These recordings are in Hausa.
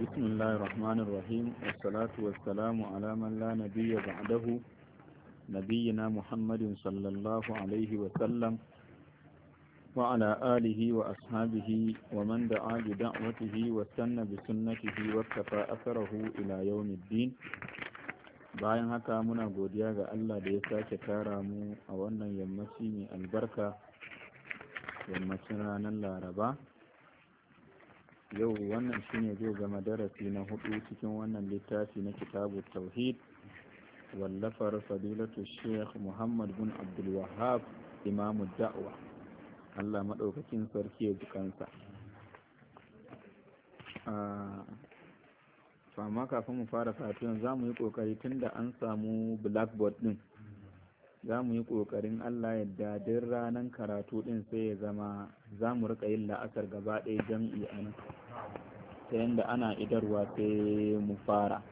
بسم الله الرحمن الرحيم والصلاة والسلام على من لا نبي بعده نبينا محمد صلى الله عليه وسلم وعلى آله وأصحابه ومن دعا بدعوته واستنى بسنته واكتفى أثره إلى يوم الدين bayan haka muna godiya ga Allah da ya sake tara mu a wannan yammaci mai albarka yammacin ranar laraba yau wannan shine zai zama darasi na hudu cikin wannan littafi na kitabu tauhid wallafar fadilatu sheikh muhammad bin abdulwahab imamu da'wa allah maɗaukakin sarki ya ji kansa ah, amma kafin mu fara fatiyon za mu yi ƙoƙari tun da an samu blackboard ɗin za mu yi ƙoƙarin Allah yadda duk ranan karatu ɗin sai ya zama za mu rika yin la'asar gaba ɗaya jam'i a nan ta yadda ana idarwa sai mu fara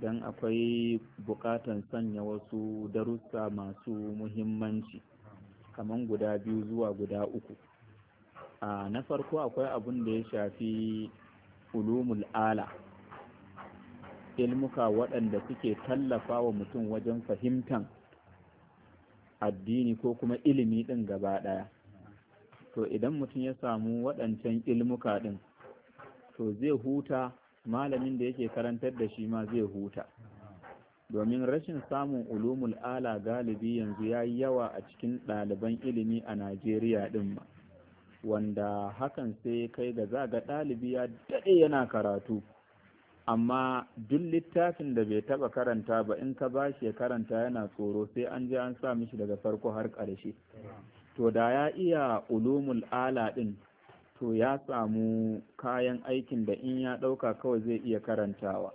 don akwai buƙatar sanya wasu darussa masu muhimmanci kamar guda biyu zuwa guda uku a na farko akwai abin da ya shafi ulumul ala ilmuka waɗanda suke tallafa wa mutum wajen fahimtan addini ko kuma ilimi ɗin gaba ɗaya to idan mutum ya samu waɗancan ilmuka ɗin to zai huta malamin da yake karantar da shi ma zai huta domin rashin samun ulumul ala galibi yanzu ya yi yawa a cikin ɗaliban ilimi a najeriya ɗin ma wanda hakan sai kai ga zaga ɗalibi ya daɗe yana karatu amma duk littafin da bai taba karanta ba in ka ba shi ya karanta yana tsoro sai an je an sa mishi daga farko har ƙarshe to da ya iya ulumul ala ɗin to ya samu kayan aikin da in ya ɗauka kawai zai iya karantawa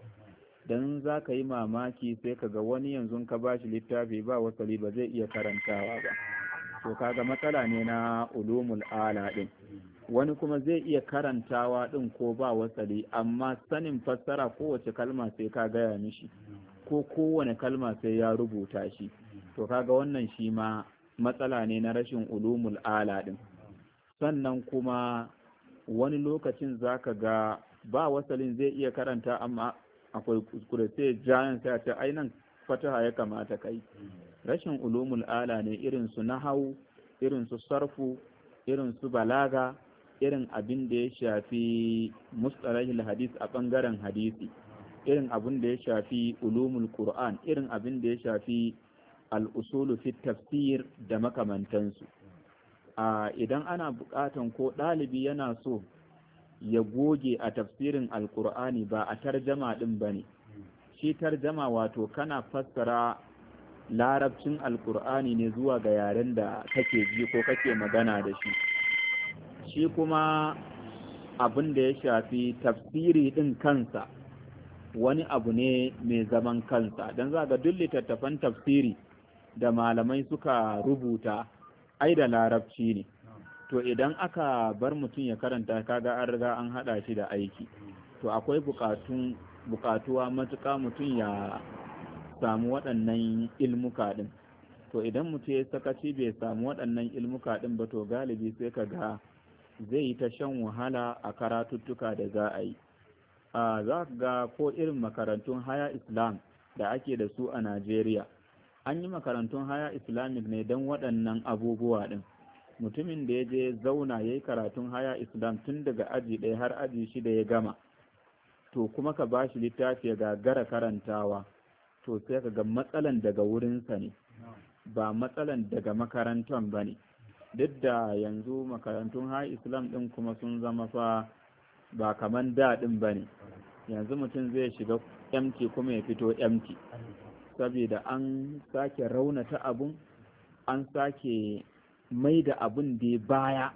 don za ka yi mamaki sai ka ga wani yanzu ka ba shi littafi ba wasali ba zai iya karantawa ba to kaga matsala ne na ulumul ala ɗin wani kuma zai iya karantawa ɗin ko ba wasali amma sanin fassara kowace kalma sai ka gaya mishi ko kowane kalma sai ya rubuta shi to kaga wannan shi ma matsala ne na rashin ulumul ala ɗin sannan kuma wani lokacin zaka ga ba wasalin zai iya karanta amma akwai kuskure sai jayan sai a ce ai fataha ya kamata kai rashin ulumul ala ne irin su nahau irin su sarfu irin su balaga irin abin da ya shafi mustalahil hadis a bangaren hadisi irin abin da ya shafi ulumul qur'an irin abin da ya shafi al'usulu fi tafsir da makamantansu idan ana bukatan ko ɗalibi yana so ya goge a tafsirin alkur'ani ba a tarjama ɗin ba ne shi tarjama wato kana fassara larabcin alkur'ani ne zuwa ga yaren da kake ji ko kake magana da shi shi kuma abin da ya shafi tafsiri ɗin kansa wani abu ne mai zaman kansa don za ga duk littattafan tafsiri da malamai suka rubuta ai da larabci ne to idan aka bar mutum ya karanta kaga an riga an haɗa shi da aiki to akwai buƙatuwa matuƙa mutum ya samu waɗannan ilmuka ɗin to idan mutum ya sakaci bai samu waɗannan ilmuka ɗin ba to galibi sai ka ga zai yi ta shan wahala a karatuttuka da za a yi A za ka ga ko irin makarantun haya islam da ake da su a najeriya an yi makarantun haya islamic ne don waɗannan abubuwa ɗin mutumin da ya je zauna ya yi karatun haya islam tun daga aji ɗaya har aji shida ya gama to kuma ka ba shi littafi ya gagara karantawa to sai ka ga matsalan daga wurinsa ne ba matsalan daga makarantar ba ne duk da yanzu makarantun ha islam ɗin kuma sun zama fa ba kaman da ɗin ba ne yanzu mutum zai shiga empty kuma ya fito empty saboda an sake raunata abun an sake mai da abun da baya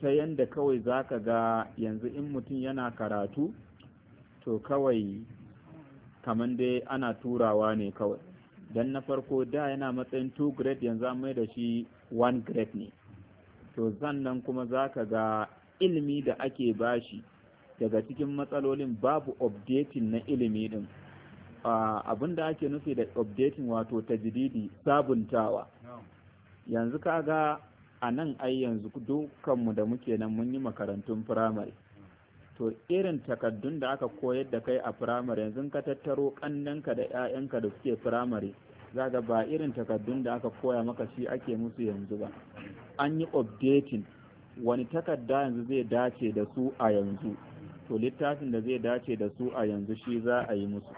ta yanda kawai za ka ga yanzu in mutum yana karatu to kawai kaman dai ana turawa ne kawai don na farko da yana matsayin 2 grade yanzu an mai da shi one grade ne to sannan kuma za ka ga ilimi da ake bashi daga cikin matsalolin babu updating na ilimi din abin da ake nufi da updating wato tajdidi sabuntawa yanzu ka ga a nan ai yanzu dukanmu da muke nan mun yi makarantun firamare to irin takaddun da aka koyar da kai a firamare yanzu ka tattaro kannanka da 'ya'yanka da suke firamare zaga ba irin takardun da aka koya maka shi ake musu yanzu ba an yi updating wani takarda yanzu zai dace da su a yanzu to littafin da zai dace da su a yanzu shi za a yi musu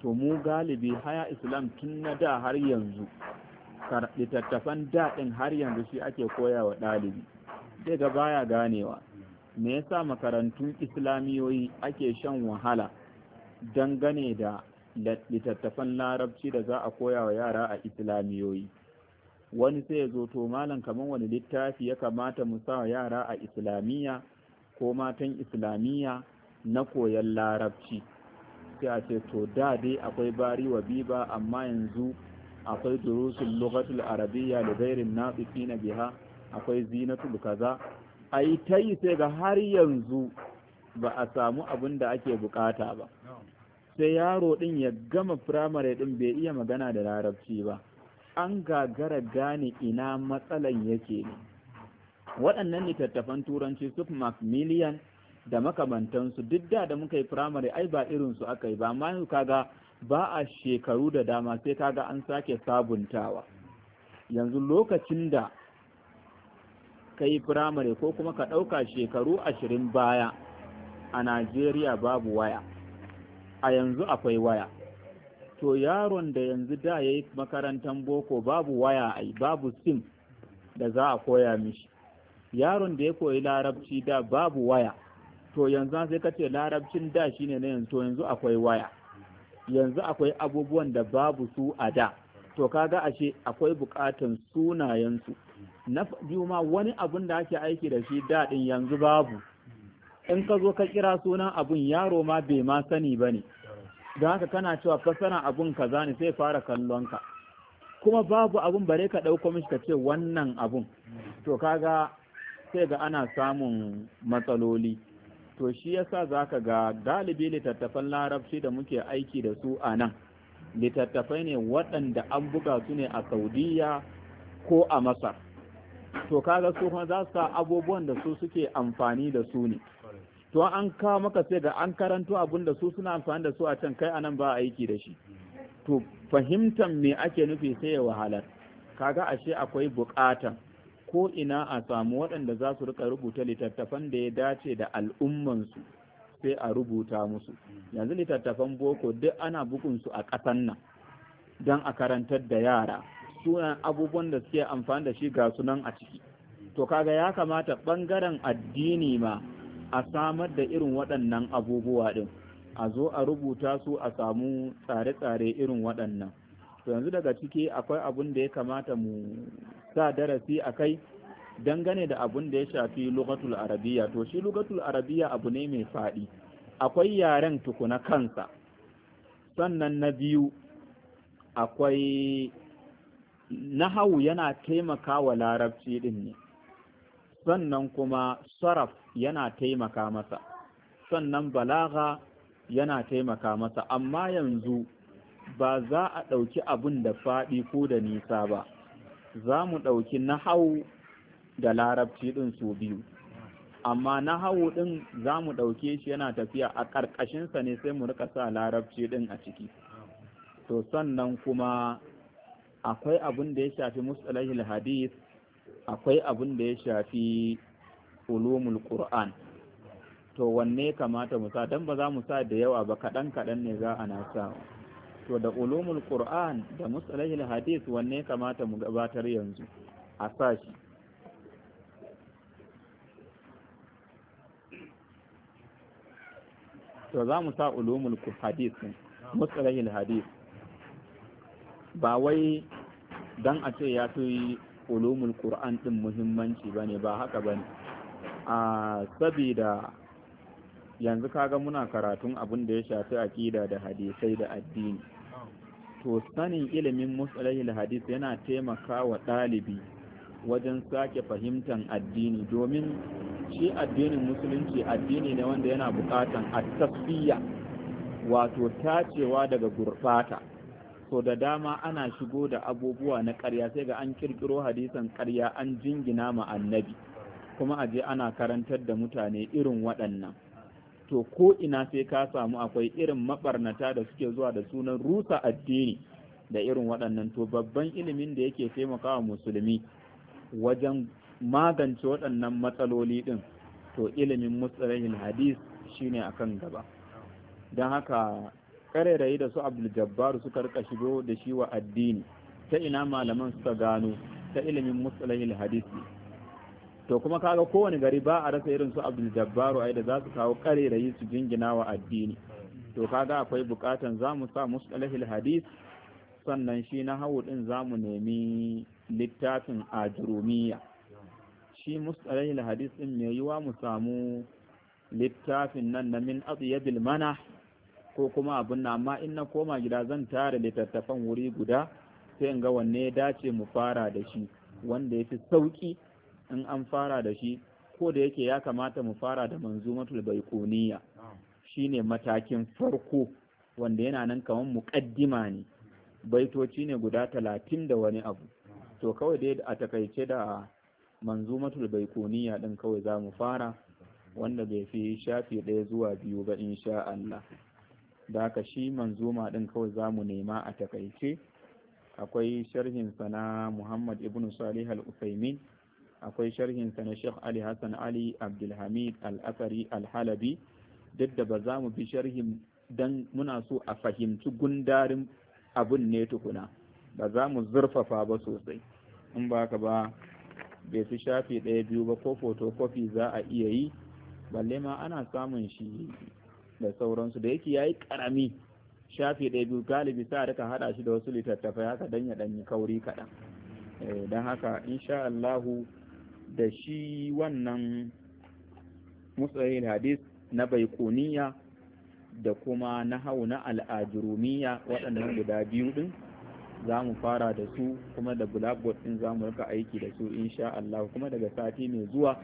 to mu galibi haya islam tun na da har yanzu littattafan daɗin har yanzu shi ake koya wa ɗalibi zai ga baya ganewa me yasa makarantun islamiyoyi ake shan wahala dangane da littattafan larabci da za a koya wa yara a islamiyoyi wani sai ya zo to malam kamar wani littafi ya kamata mu sa yara a islamiyya ko matan islamiyya na koyan larabci sai a ce to da dai akwai bari wa biba amma yanzu akwai durusul lokacin Arabiya da gairin na biha akwai zinatul kaza ai tai sai ga har yanzu ba a samu abin da ake bukata ba sai yaro ɗin ya gama firamare ɗin bai iya magana da larabci ba an gagara gane ina matsalan yake ne waɗannan littattafan turanci su macmillian da makamantansu duk da da muka yi firamare ai ba irinsu aka yi ba amma yanzu kaga ba a shekaru da dama sai kaga an sake sabuntawa yanzu lokacin da ka yi firamare ko kuma ka ɗauka shekaru ashirin baya a najeriya babu waya a yanzu akwai waya to yaron da yanzu da ya yi makarantar boko babu waya ai babu sim da za a koya mishi yaron da ya koyi larabci da babu waya to yanzu sai ka ce larabcin da shine na yanzu to yanzu akwai waya yanzu akwai abubuwan da babu su a da to kaga ashe akwai bukatan sunayensu na biyu ma wani abun da ake aiki da shi da daɗin yanzu babu in ka zo ka kira sunan abun yaro ma bai ma sani ba ne don haka kana cewa fasara abun kaza ne sai fara kallon ka kuma babu abun bare ka ɗauko mishi ka ce wannan abun to kaga sai ga ana samun matsaloli to shi yasa zaka ga galibi littattafan larabci da muke aiki da su a nan littattafai ne waɗanda an buga su ne a saudiya ko a masar to kaga su kuma za su abubuwan da su suke amfani da su ne to an kawo maka sai da an karanto abin da su suna amfani da su a can kai anan ba aiki da shi to fahimtar me ake nufi sai ya wahalar kaga ashe akwai buƙatan. ko ina a samu waɗanda za su rika rubuta littattafan da ya dace da al'ummansu sai a rubuta musu yanzu littattafan boko duk ana su a ƙasan nan don a karantar da yara sunan abubuwan da suke amfani da shi ga sunan a ciki to kaga ya kamata ɓangaren addini ma a samar da irin waɗannan abubuwa ɗin a zo a rubuta su a samu tsare-tsare irin waɗannan to yanzu daga ciki akwai abin da ya kamata mu sa darasi a kai dangane da abin da ya shafi lugatul arabiya to shi lugatul arabiya abu ne mai faɗi akwai yaren tukuna kansa sannan na biyu akwai nahawu yana taimaka wa larabci ɗin ne sannan kuma saraf yana taimaka masa sannan balaga yana taimaka masa amma yanzu ba za a ɗauki abin da faɗi ko da nisa ba za mu ɗauki nahau da larabci ɗin su biyu amma nahau ɗin za mu ɗauke shi yana tafiya a ƙarƙashinsa ne sai mu rika sa larabci ɗin a ciki to sannan kuma akwai abin da ya shafi musalahil hadis akwai abin da ya shafi ulumul qur'an to wanne kamata mu sa dan ba za mu sa da yawa ba kaɗan kaɗan ne za a nasa to da ulumul qur'an da musalahil hadith wanne kamata mu gabatar yanzu a sashi to za mu sa ulumul hadith musalahil hadith ba wai dan a ce ya fi ulumul qur'an din muhimmanci bane ba haka bane a sabida yanzu kaga muna karatun abin da ya shafi aƙida da hadisai da addini to sanin ilimin musalahil hadis yana taimaka wa ɗalibi wajen sake fahimtar addini domin shi addinin musulunci addini ne wanda yana buƙatan a wato tacewa daga gurɓata so da dama ana shigo da abubuwa na ƙarya sai ga an kirkiro hadisan ƙarya an jingina ma annabi kuma aje ana karantar da mutane irin waɗannan to ko ina sai ka samu akwai irin mabarnata da suke zuwa da sunan rusa addini da irin waɗannan to babban ilimin da yake taimakawa musulmi wajen magance waɗannan matsaloli ɗin to ilimin mustalahin hadis shine akan gaba don haka ƙarairayi da su abdul jabbar suka rika shigo da shi wa addini ta ina malaman suka gano ta ilimin mustalahil hadisi to kuma kaga kowane gari ba a rasa irin su abdul jabbaru ai da za su kawo ƙarairayi su jingina wa addini to kaga akwai bukatan za mu sa mustalahil hadis sannan shi na hawu din za mu nemi littafin ajurumiya shi mustalahil hadis din mai yiwa mu samu littafin nan na min adiyabil mana ko kuma abin na amma in na koma gida zan tara littattafan wuri guda sai in ga wanne ya dace mu fara da shi wanda ya fi sauƙi in an fara da shi ko da yake ya kamata mu fara da manzumatul baikuniya shine matakin farko wanda yana nan kamar muƙaddima ne baitoci ne guda talatin da wani abu to kawai dai a takaice da manzumatul baikuniya din kawai za mu fara wanda bai fi shafi ɗaya zuwa biyu ba insha Allah da haka shi manzuma ɗin kawai za mu nema a takaice akwai sharhinsa na muhammad ibn salih al-usaimin akwai sharhinsa na sheikh ali hassan ali abdulhamid al-asari al-halabi duk da ba za mu bi sharhin dan muna so a fahimci gundarin abun ne tukuna ba za mu zurfafa ba sosai in ba ka ba bai fi shafi ɗaya biyu ba ko fotokofi za a iya yi balle ma ana samun shi da sauransu da yake yayi karami shafi ɗaya biyu galibi sa rika ka haɗa shi da wasu littattafai haka dan ya ɗanyi kauri kaɗan eh, don haka insha Allahu da shi wannan musahil hadis na baikuniya da kuma na hau na al'ajirumiya waɗannan guda biyu ɗin za mu fara da su kuma da blackboard ɗin za mu rika aiki da su insha Allah kuma daga sati mai zuwa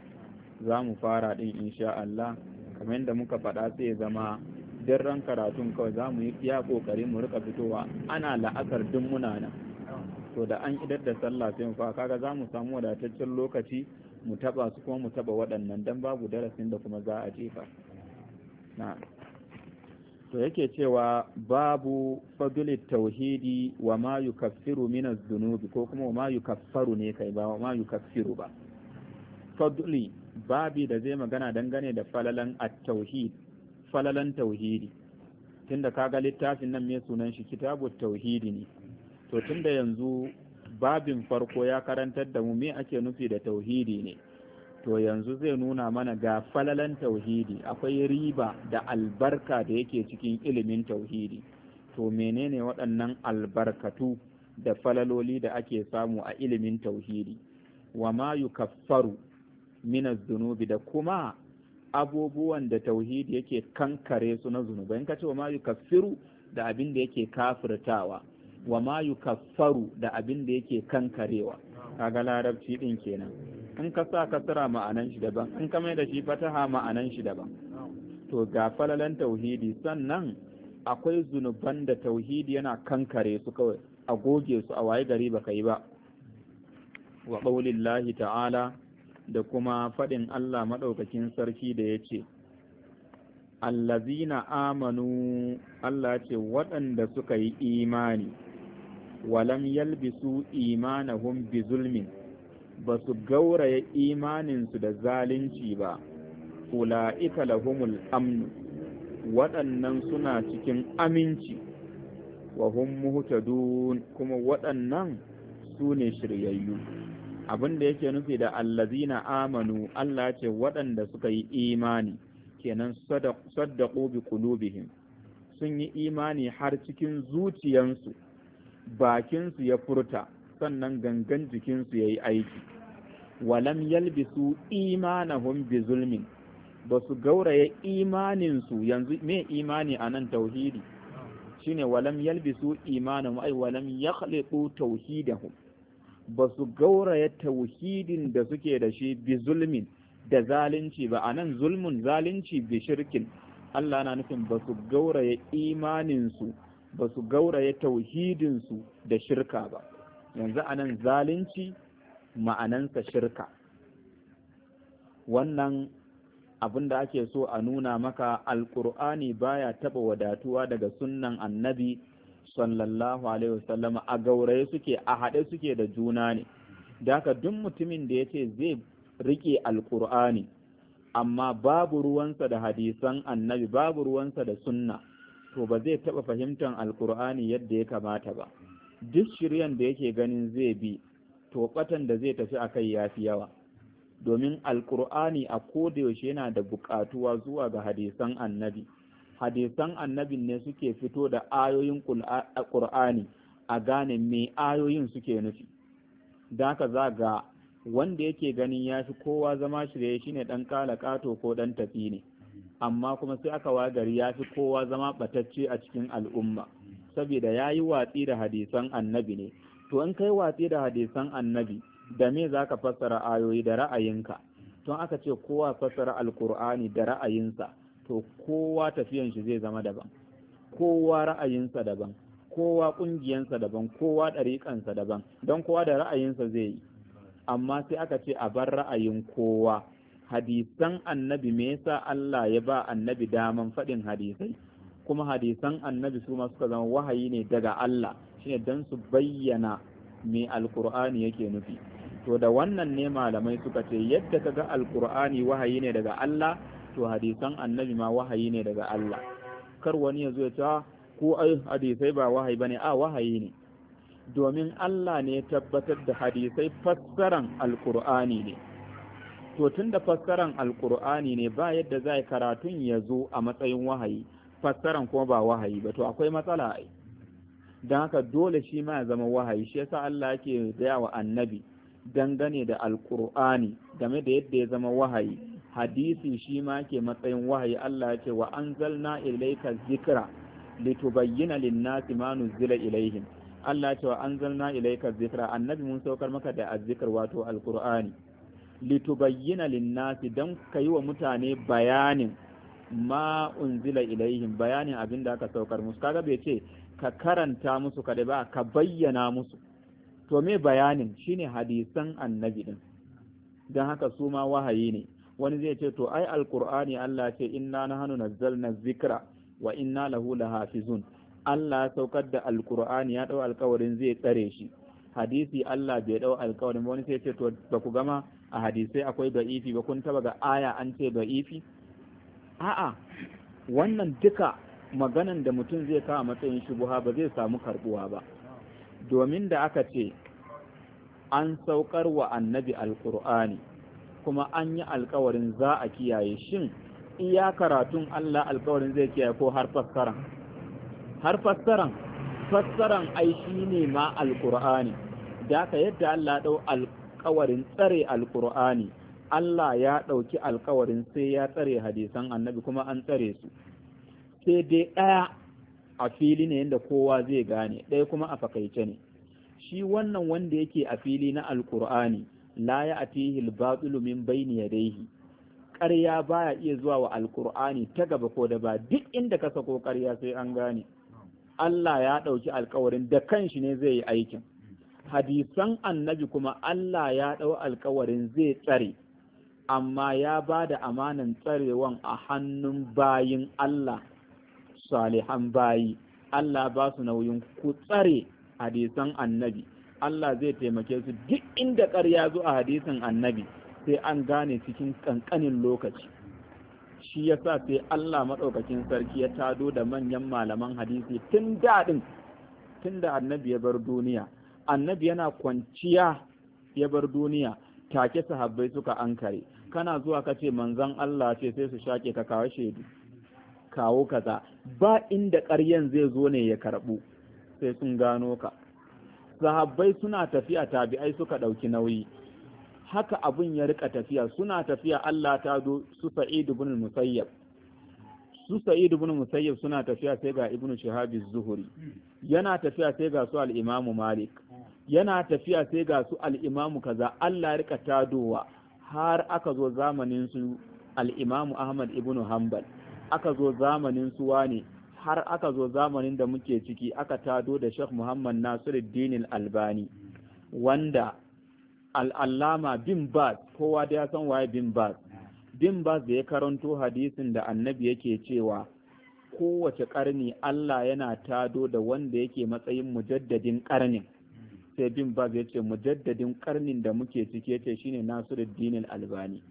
za mu fara ɗin insha Allah kamar yadda muka faɗa sai ya zama don ran karatun kawai za mu yi iya kokari mu rika fitowa ana la'akar duk muna nan to da an idar da sallah sai mu fa kaga za mu samu wadataccen lokaci mu taba su kuma mu taba waɗannan dan babu darasin da kuma za a jefa na to yake cewa babu fadli tauhidi wa ma yukaffiru min az zunubi ko kuma wa ma yukaffaru ne kai ba wa ma yukaffiru ba fadli babi da zai magana dangane da falalan at-tauhid falalan tauhidi tunda kaga littafin nan mai sunan shi kitabu tauhidi ne to tunda yanzu babin farko ya karantar da mu me ake nufi da tauhidi ne to yanzu zai nuna mana ga falalan tauhidi akwai riba da albarka da yake cikin ilimin tauhidi to menene waɗannan albarkatu da falaloli da ake samu a ilimin tauhidi wa ma yukaffaru Mina zunubi da kuma abubuwan da tauhidi yake kankare su na zunuba in ka ce wa ma yukaffiru da abin da yake kafirtawa wa ma yukaffaru da abin da yake kankarewa kaga larabci din kenan in ka sa kasra ma'anan shi daban in ka mai da shi fataha ma'anan shi daban to ga falalan tauhidi sannan akwai zunuban da tauhidi yana kankare su kawai a goge su a waye gari baka yi ba wa ta'ala da kuma faɗin Allah maɗaukakin sarki da ya ce, Allazina amanu Allah ce waɗanda suka yi imani, walam yalbisu imanahum bi zulmin, ba su gauraya imaninsu da zalunci ba, ula'ika lahumul amnu, waɗannan suna cikin aminci, wa hum muhtadun kuma waɗannan su ne shiryayyu. abin da yake nufi da allazina amanu Allah ce waɗanda suka yi imani kenan saddaqu bi qulubihim sun yi imani har cikin zuciyansu bakinsu ya furta sannan gangan jikinsu ya yi aiki walam yalbisu imanahum bi zulmin ba su gauraya imaninsu yanzu me imani anan tauhidi shine walam yalbisu imanahum ay walam yakhliqu tauhidahum ba su gauraya tauhidin da suke da shi bi zulmin da zalunci ba a nan zulmun zalunci bi shirkin Allah na nufin ba su gauraya imaninsu ba su gauraya tauhidinsu da shirka ba yanzu a nan zalunci ma'anansa shirka wannan abin da ake so a nuna maka Alƙur'ani baya taɓa wadatuwa daga sunnan annabi sallallahu alaihi wasallam a gauraye suke a haɗe suke da juna ne da haka duk mutumin da yace zai riƙe alkur'ani amma babu ruwansa da hadisan annabi babu ruwansa da sunna to ba zai taɓa fahimtar alkur'ani yadda ya kamata ba duk shiryan da yake ganin zai bi to ɓatan da zai tafi akai ya fi yawa domin alkur'ani a kodayaushe yana da buƙatuwa zuwa ga hadisan annabi hadisan annabin ne suke fito da ayoyin ƙur'ani a gane me ayoyin suke nufi da ka za ga wanda yake ganin ya fi kowa zama shirye shine ɗan kala kato ko ɗan tafi ne amma kuma sai aka wagari ya fi kowa zama ɓatacce a cikin al'umma saboda ya yi watsi da hadisan annabi ne to in kai watsi da hadisan annabi da me za ka fassara ayoyi da ra'ayinka tun aka ce kowa fassara alkur'ani da ra'ayinsa to kowa tafiyan shi zai zama daban kowa ra'ayinsa daban kowa ƙungiyansa daban kowa ɗariƙansa daban don kowa da ra'ayinsa zai yi amma sai aka ce a bar ra'ayin kowa hadisan annabi me yasa Allah ya ba annabi daman faɗin hadisai kuma hadisan annabi su ma suka zama wahayi ne daga Allah shine dan su bayyana me alkur'ani yake nufi to da wannan ne malamai suka ce yadda kaga alkur'ani wahayi ne daga Allah to hadisan annabi ma wahayi ne daga Allah kar wani ya zo ya ce ah, ko ai hadisai ba wahayi bane a wahayi ne domin Allah ne ya tabbatar da hadisai fassaran alkur'ani ne to tunda fassaran alkur'ani ne ba yadda zai karatun ya zo a matsayin wahayi fassaran kuma ba wahayi ba to akwai matsala ai dan haka dole shi ma ya zama wahayi shi yasa Allah yake gaya wa annabi dangane da alkur'ani game da yadda ya zama wahayi hadisi shi ma ke matsayin wahayi Allah ya ce wa anzalna ilayka zikra litubayyana lin-nasi ma nuzila ilayhim Allah ya ce wa anzalna ilayka zikra annabi mun saukar maka da azzikr wato alqur'ani litubayyana lin-nasi dan yi wa mutane bayanin ma unzila ilayhim bayanin abinda aka saukar musu kaga bai ce ka karanta musu kada ba ka bayyana musu to me bayanin shine hadisan annabi din don haka su ma wahayi ne wani zai ce to ai alqur'ani Allah ce inna nahnu nazzalna dhikra wa inna lahu lahafizun Allah saukar da alqur'ani ya dau alkawarin zai tsare shi hadisi Allah bai dau alkawarin wani sai ce to ba ku gama a hadisai akwai da'ifi ba kun taba ga aya an ce da'ifi a'a wannan duka maganan da mutum zai kawo matsayin shubuha ba zai samu karbuwa ba domin da aka ce an saukar wa annabi alkur'ani kuma an yi alkawarin za a kiyaye shin iya karatun Allah alkawarin zai kiyaye ko har fassaran har fassaran fassaran ai ne ma alqur'ani da ka yadda Allah dau alkawarin tsare alqur'ani Allah ya ɗauki alkawarin sai ya tsare hadisan annabi kuma an tsare su sai dai ɗaya a fili ne yadda kowa zai gane ɗaya kuma a fakaice ne shi wannan wanda yake a fili na alkur'ani la ya al-batilu min bayni yadayhi ƙarya baya iya zuwa wa alqur'ani ta gaba ko da ba duk inda ka sako ƙarya sai an gane Allah ya ɗauki alkawarin da kanshi ne zai yi aikin hadisan annabi kuma Allah ya ɗau alkawarin zai tsare amma ya ba da amanan tsarewan a hannun bayin Allah salihan bayi Allah ba su nauyin ku tsare hadisan annabi Allah zai taimake su duk inda ƙarya zo a hadisin annabi sai an gane cikin ƙanƙanin lokaci shi ya sa sai Allah maɗaukakin sarki ya tado da manyan malaman hadisi tun daɗin tun da annabi ya bar duniya annabi yana kwanciya ya bar duniya take sahabbai suka ankare kana zuwa ka kace manzon Allah ce sai su shake ka kawo shaidu kawo kaza ba inda ƙaryan zai zo ne ya karɓu sai sun gano ka sahabbai suna tafiya tabi'ai suka ɗauki nauyi haka abin ya rika tafiya suna tafiya Allah ta do su Sa'id ibn Musayyab su Sa'id ibn Musayyab suna tafiya sai ga Ibn Shihab az-Zuhri yana tafiya sai ga su al-Imam Malik yana tafiya sai ga su al-Imam kaza Allah ya rika tadowa har aka zo zamanin su al-Imam Ahmad ibn Hanbal aka zo zamanin su wane har aka zo zamanin da muke ciki aka tado da Sheikh Muhammad Nasiruddin Albani wanda al'allama bin Baz kowa da ya san waye bin Baz bin Baz da ya karanto hadisin da annabi yake cewa kowace ƙarni Allah yana tado da wanda yake matsayin mujaddadin ƙarnin sai bin ya ce mujaddadin karnin da muke ciki yace shine dinin albani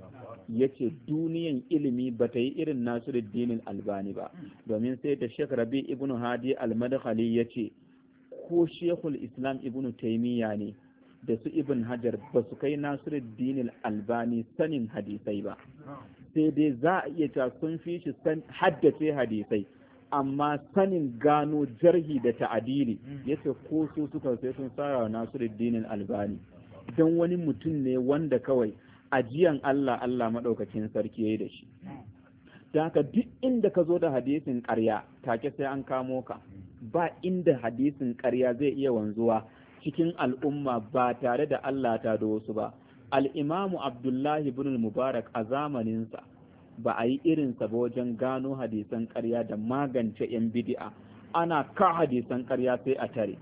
yace duniyan ilimi ba ta yi irin dinin albani ba domin sai da shek rabi ibnu hadi al-madkhali yace ko shekul islam ibnu taimiyya ne da su ibn hajar ba su kai dinin albani sanin hadisai ba sai dai za a iya ta sun fi shi haddace hadisai amma sanin gano jarhi da ta'adili mm. yace ko su suka sai sun sara wa dinin Albani dan wani mutum ne wanda kawai ajiyan Allah Allah madaukakin sarki yayi da shi dan haka duk inda ka zo da hadisin ƙarya take sai an kamo ka ba inda hadisin ƙarya zai iya wanzuwa cikin al'umma ba tare da Allah ta da wasu ba al al'imamu abdullahi bin mubarak a zamaninsa ba a yi irinsa ba wajen gano hadisan ƙarya da magance 'yan bidi'a ana ka hadisan ƙarya sai a tare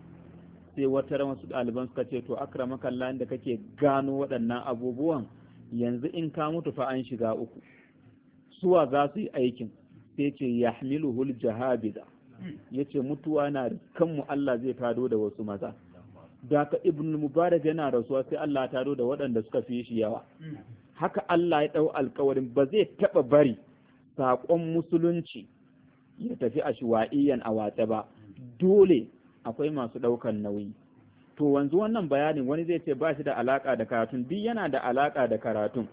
sai wata wasu ɗaliban suka ce to akrama Allah da kake gano waɗannan abubuwan yanzu in ka mutu fa an shiga uku suwa za su yi aikin sai ce ya yahmiluhul jahabida ce mutuwa na kanmu Allah zai fado da wasu maza da ka ibn mubarak yana rasuwa sai Allah tado da waɗanda suka fi shi yawa haka Allah ya ɗau alkawarin ba zai taɓa bari saƙon musulunci ya tafi a shiwa'iyyan a watsa ba dole akwai masu ɗaukan nauyi to wanzu wannan bayanin wani zai ce ba shi da alaƙa da karatun duk yana da alaƙa da karatun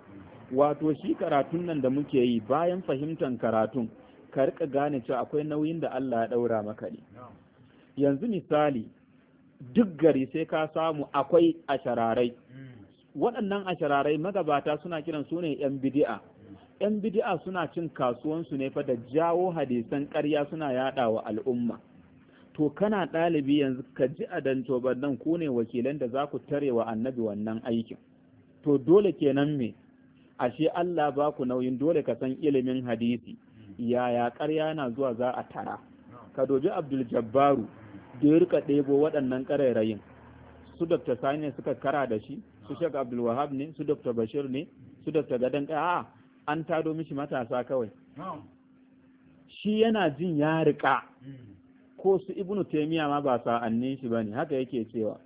wato shi karatun nan da muke yi bayan fahimtar karatun ka rika gane cewa akwai nauyin da Allah ya ɗaura maka ne yanzu misali duk gari sai ka samu akwai a shararai hmm. waɗannan ashararai magabata suna kiran su ne yan bidi'a yan bidi'a suna cin kasuwansu ne fa da jawo hadisan ƙarya suna yaɗa al'umma to kana ɗalibi yanzu ka ji a danto nan ku ne wakilan da za ku tare wa annabi wannan aikin to dole kenan me ashe Allah ba ku nauyin dole ka san ilimin hadisi yaya ƙarya na zuwa za a tara ka dobi Abdul Jabbaru da ya rika ɗebo waɗannan ƙarairayin su Dr. Sani suka kara da shi su Sheikh Abdul Wahab ne su Dr. Bashir ne su Dr. Gadan a an tado mishi matasa kawai shi yana jin ya rika ko su Ibn Taymiyyah ma ba sa'annin shi bane haka yake cewa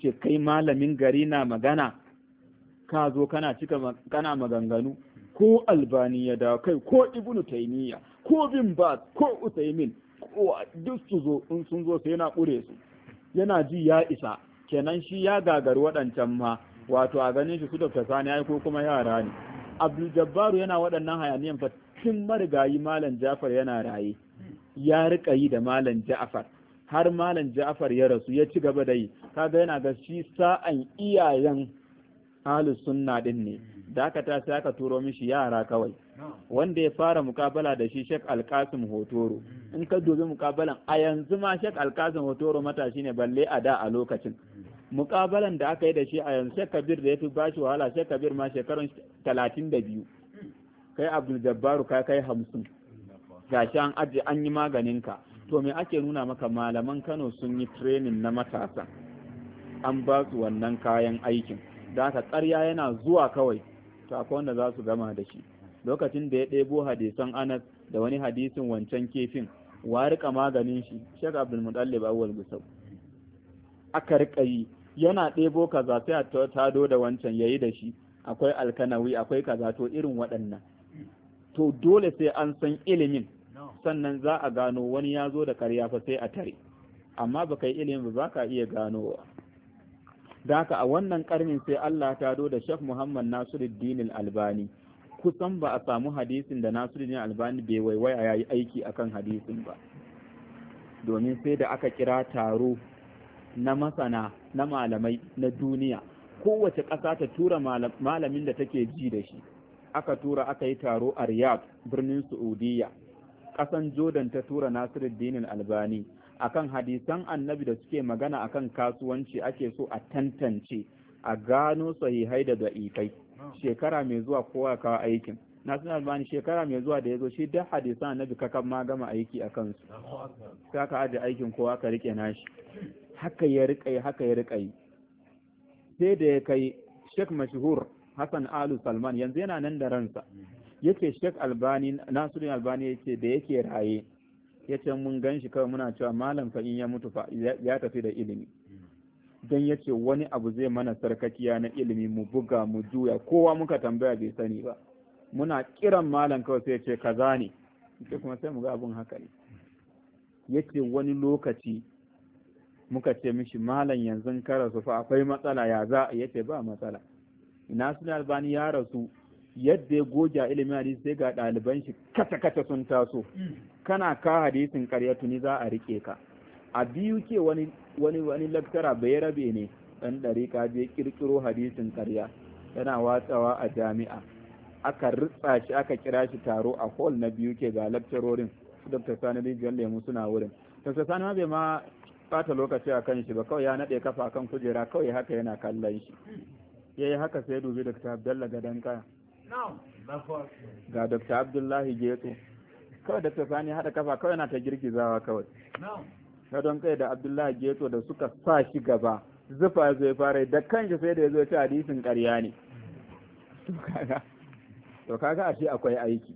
ce kai malamin gari na magana ka zo kana cika kana maganganu ko albani ya dawo kai ko ibnu taymiya ko bin ba ko usaimin ko duk su zo in sun zo sai yana kure su yana ji ya isa kenan shi ya gagari waɗancan ma wato a ganin shi su da sani ai ko kuma yara ne abdul jabbaru yana waɗannan hayaniyan fa tun marigayi malam jafar yana raye ya rika yi da malam jafar har malam jafar ya rasu ya ci gaba da yi kaga yana ga shi sa'an iyayen ahli sunna din ne da aka ta sai aka turo mishi yara kawai wanda ya fara mukabala da shi Sheikh Alkasim Hotoro in ka dubi mukabalan a yanzu ma Sheikh Alkasim Hotoro matashi ne balle a da a lokacin muƙabalan da aka yi da shi a yanzu sai kabir da ya fi bashi wahala sai kabir ma shekarun talatin da biyu kai abdul jabbaru ka kai hamsin gashi an aje an yi maganin ka to me ake nuna maka malaman kano sun yi training na matasa an ba su wannan kayan aikin da aka karya yana zuwa kawai to akwai wanda za su gama da shi lokacin da ya ɗebo hadisan anas da wani hadisin wancan kefin wa rika maganin shi shek abdul mutallib awwal gusau aka rika yi yana ɗebo kaza sai a tado da wancan yayi da shi akwai alkanawi akwai kaza to irin waɗannan to dole sai an san ilimin sannan za a gano wani ya zo da karya fa sai a tare amma baka yi ilimin ba za ka iya ganowa da haka a wannan karnin sai Allah ta do da Sheikh Muhammad Nasiruddin Albani kusan ba a samu hadisin da Nasiruddin Albani bai waiwaya yayi aiki akan hadisin ba domin sai da aka kira taro na masana na malamai na duniya kowace ƙasa ta tura malamin da take ji da shi aka tura aka yi taro a riyadh birnin saudiya ƙasan jordan ta tura nasiruddin albani akan hadisan annabi da suke magana akan kasuwanci ake so a tantance a gano sahihai da da'ifai shekara mai zuwa kowa kawo aikin nasu albani shekara mai zuwa da ya zo shi duk hadisan annabi kakan ma gama aiki a kansu sai aka aje aikin kowa ka rike nashi haka ya riƙa haka ya riƙa sai da ya kai shek Mashhur Hassan Alu Salman yanzu yana nan da ransa yace shek Albani nasirin Albani yace da yake raye Ya ce mun gan shi kawai muna cewa malam fa ya mutu fa ya tafi da ilimi Don ya ce wani abu zai mana sarkakiya na ilimi mu buga mu juya kowa muka tambaya bai sani ba muna kiran malam kawai sai yace kaza ne sai kuma sai mu ga abun haka ne wani lokaci muka ce mishi malam yanzu ka rasu fa akwai matsala ya za a yace ba matsala suna Albani ya rasu yadda ya goge ilimin hadisi sai ga ɗaliban shi kata kata sun taso kana ka hadisin karya tuni za a rike ka a biyu ke wani wani wani laktara bai rabe ne dan ɗarika je ƙirƙiro hadisin ƙarya yana watsawa a jami'a aka ritsa shi aka kira shi taro a hall na biyu ke ga lakcarorin su dr sani rijiyar lemu suna wurin dr sani ma ma bata lokaci a kan shi ba kawai ya naɗe kafa kan kujera kawai haka yana kallon shi ya yi haka sai dubi dr abdullahi gadon kaya ga dr abdullahi getso kawai dr sani haɗa kafa kawai na ta girgizawa kawai na don kai da abdullahi getso da suka sa shi gaba zufa zai fara da kanshi sai da ya zo ci hadisin ƙarya ne to kaga shi akwai aiki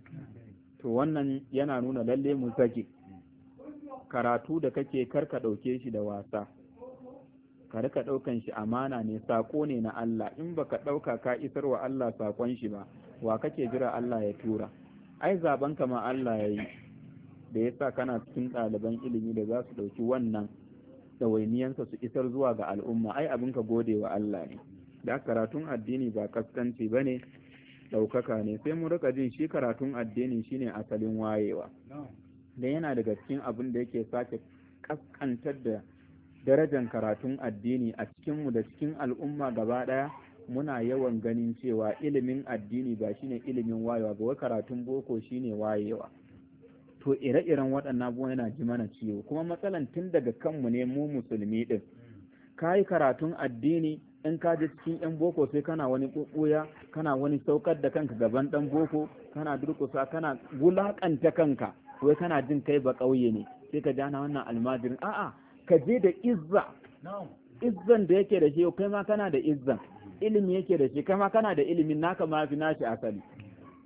to wannan yana nuna lalle mu sake karatu da kake kar ka ɗauke shi da wasa ka rika ɗaukan shi amana ne sako ne na Allah in baka ɗauka ka isar wa Allah sakon shi ba wa kake jira Allah ya tura ai zaben ka ma Allah ya yi da yasa kana cikin ɗaliban ilimi da za su ɗauki wannan ɗawainiyansa su isar zuwa ga al'umma ai abin ka gode wa Allah ne da karatun addini ba kaskanci ba ne ɗaukaka ne sai mu rika jin shi karatun addini shine asalin wayewa da yana daga cikin abin da yake sake kaskantar da darajar karatun addini a cikinmu da cikin al'umma gaba ɗaya muna yawan ganin cewa ilimin addini ba shine ilimin wayewa ba karatun boko shine wayewa to ire-iren waɗannan abubuwan yana ji mana ciwo kuma matsalan tun daga kanmu ne mu musulmi ɗin ka karatun addini in ka je cikin yan boko sai kana wani kokoya kana wani saukar da kanka gaban ɗan boko kana durkusa kana gulaƙanta kanka wai kana jin kai ba ƙauye ne sai ka jana wannan almajirin a'a ka je da izza izzan da yake da shi kai ma kana da izzan ilimi yake da shi kai ma kana da ilimin naka ma fi nashi asali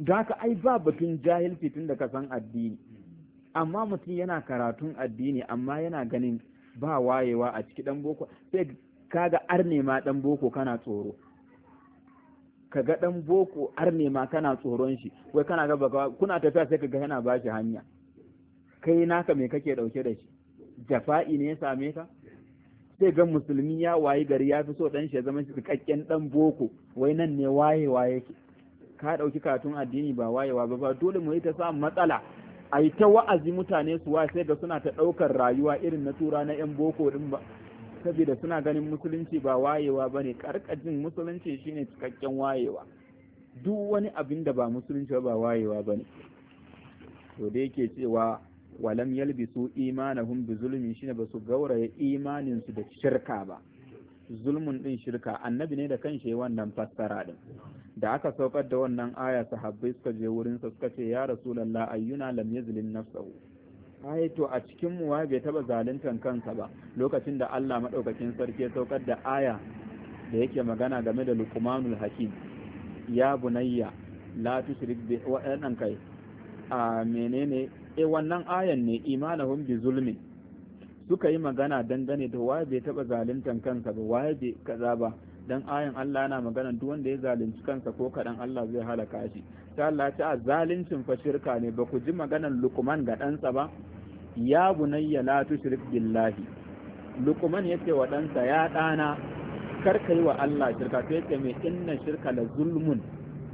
da haka ai ba batun jahilci tun da ka san addini amma mutum yana karatun addini amma yana ganin ba wayewa a ciki dan boko sai kaga arne ma dan boko kana tsoro kaga dan boko arne ma kana tsoron shi wai kana ga baka kuna tafiya sai kaga yana bashi hanya kai naka me kake dauke da shi jafa'i ne ya same ka sai ga musulmi ya wayi gari ya fi so dan shi ya zama cikakken dan boko wai nan ne wayewa yake ka dauki katun addini ba wayewa ba ba dole mu yi ta samu matsala a yi ta wa'azi mutane su sai ga suna ta ɗaukar rayuwa irin na tura na 'yan boko ɗin ba saboda suna ganin musulunci ba wayewa ba ne karkajin musulunci shine cikakken wayewa duk wani abin da ba musulunci ba wayewa ba ne to da yake cewa walam yalbisu imanahum bi zulmi shine ba su gauraya imanin su da shirka ba zulmun din shirka annabi ne da kanshi wannan fassara din da aka saukar da wannan aya sahabbai suka je wurin sa suka ce ya rasulullah ayyuna lam yazlim nafsahu ai to a cikin mu bai taba zaluntan kansa ba lokacin da Allah madaukakin sarki ya saukar da aya da yake magana game da Luqmanul Hakim ya bunayya la tusrik bi kai a menene eh wannan ayan ne imanahum bi zulmi suka yi magana dangane da waye bai taba zaluntan kansa ba waye bai kaza ba dan ayan Allah yana magana duk wanda ya zalunci kansa ko kadan Allah zai halaka shi ta Allah zaluncin zalincin fa shirka ne ba ku ji maganar Luqman ga ɗansa ba ya bunayya la tushrik billahi Luqman yace wa ɗansa ya ɗana kar ka yi wa Allah shirka to yace mai inna shirka la zulmun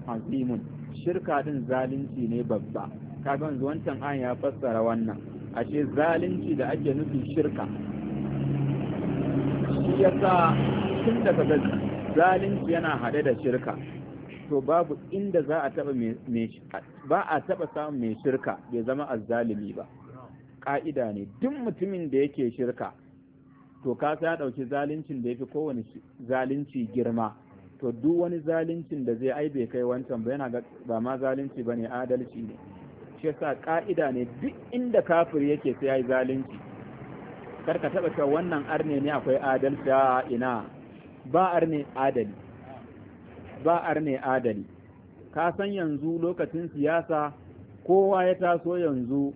azimun shirka din zalunci ne babba kaga yanzu wancan an ya fassara wannan ashe zalunci da ake nufin shirka shi yasa tun daga zalunci yana haɗe da shirka to babu inda za a taba ba a taba samun mai shirka bai zama azzalimi ba ka'ida ne duk mutumin da yake shirka to ka sa dauki zaluncin da yafi kowane zalunci girma to duk wani zaluncin da zai aibe kai wancan ba yana ga ba ma zalunci bane adalci ne shi yasa ka'ida ne duk inda kafir yake sai ai zalunci kar ka taba cewa wannan arne ne akwai adalci a ina ba arne adali ba arne adali ka san yanzu lokacin siyasa kowa ya taso yanzu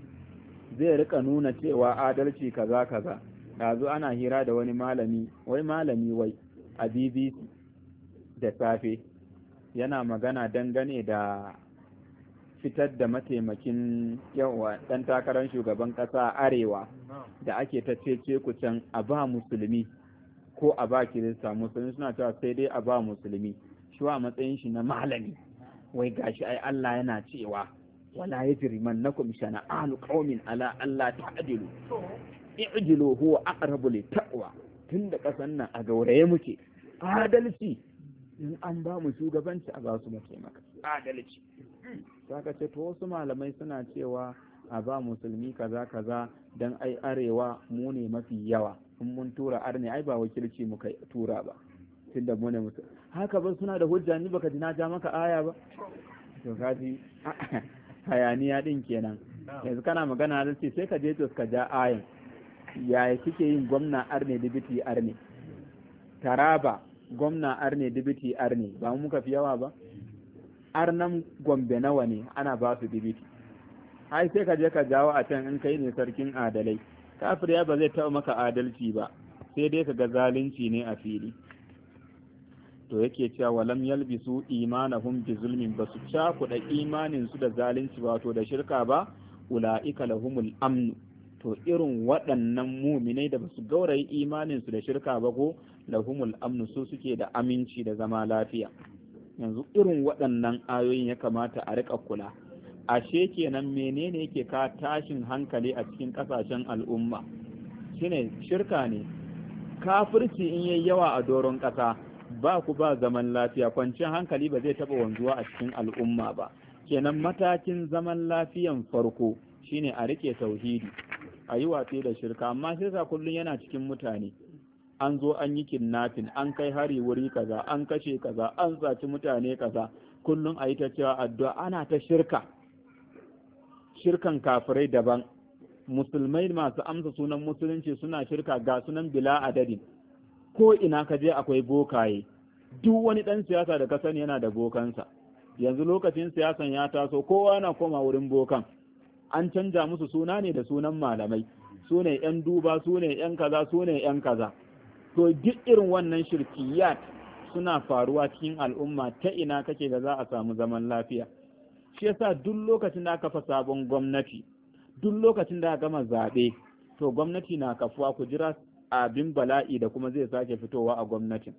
zai rika nuna cewa adalci kaza kaza yanzu ana hira da wani malami wai malami wai a bbc da safe yana magana dangane da fitar da mataimakin yawa ɗan takarar shugaban ƙasa arewa da ake ta cece can a ba musulmi ko a ba kirista musulmi suna cewa sai dai a ba musulmi shi wa matsayin shi na malami wai gashi ai Allah yana cewa wala shana shana'anu qaumin ala Allah ta'dilu i'dilu huwa aqrabu taqwa tunda kasan nan a gauraye muke adalci in an ba mu shugabanci a ba su maka adalci saka ce to wasu malamai suna cewa a ba musulmi kaza kaza dan ai arewa mu ne mafi yawa in mun tura arne ai ba wakilci muka tura ba tunda mu ne haka ba suna da hujja ni baka jina ja maka aya ba to kaji hayaniya din kenan yanzu kana magana da ce sai ka je to ka ja ayan yaya kike yin gwamna arne dibiti arne taraba gwamna arne dibiti arne ba mu muka fi yawa ba arnan gombe nawa ne ana ba su dibiti ai sai ka je ka jawo a can in kai ne sarkin adalai kafir ya ba zai taɓa maka adalci ba sai dai ka ga zalunci ne a fili to yake cewa walam yalbisu imanahum bi zulmin basu cakuɗa imanin su da zalunci wato da shirka ba ula'ika lahumul amnu to irin waɗannan muminai da basu gaurayi imanin su da shirka ba ko lahumul amnu su suke da aminci da zama lafiya yanzu irin waɗannan ayoyin ya kamata a riƙa kula ashe kenan menene yake ka tashin hankali a cikin ƙasashen al'umma shine shirka ne kafirci in yayi yawa a doron ƙasa ba ku ba zaman lafiya kwanciyar hankali ba zai taɓa wanzuwa a cikin al'umma ba kenan matakin zaman lafiyan farko shine a rike tauhidi a yi watsi da shirka amma sai sa kullum yana cikin mutane an zo an yi kidnapping an kai hari wuri kaza an kashe kaza an zaci mutane kaza kullum a yi ta cewa addu'a ana ta shirka shirkan kafirai daban musulmai masu amsa sunan musulunci suna shirka ga sunan bila adadin ko ina ka je akwai bokaye duk wani dan siyasa da ka sani yana da bokansa yanzu lokacin siyasan ya taso kowa na koma wurin bokan an canja musu suna ne da sunan malamai su ‘yan duba su ‘yan kaza su ‘yan kaza to duk irin wannan shirkiyat suna faruwa cikin al'umma ta ina kake da za a samu zaman lafiya shi yasa duk lokacin da aka fa sabon gwamnati duk lokacin da aka gama zaɓe to gwamnati na kafuwa ku jira abin bala'i da kuma zai sake fitowa a gwamnatin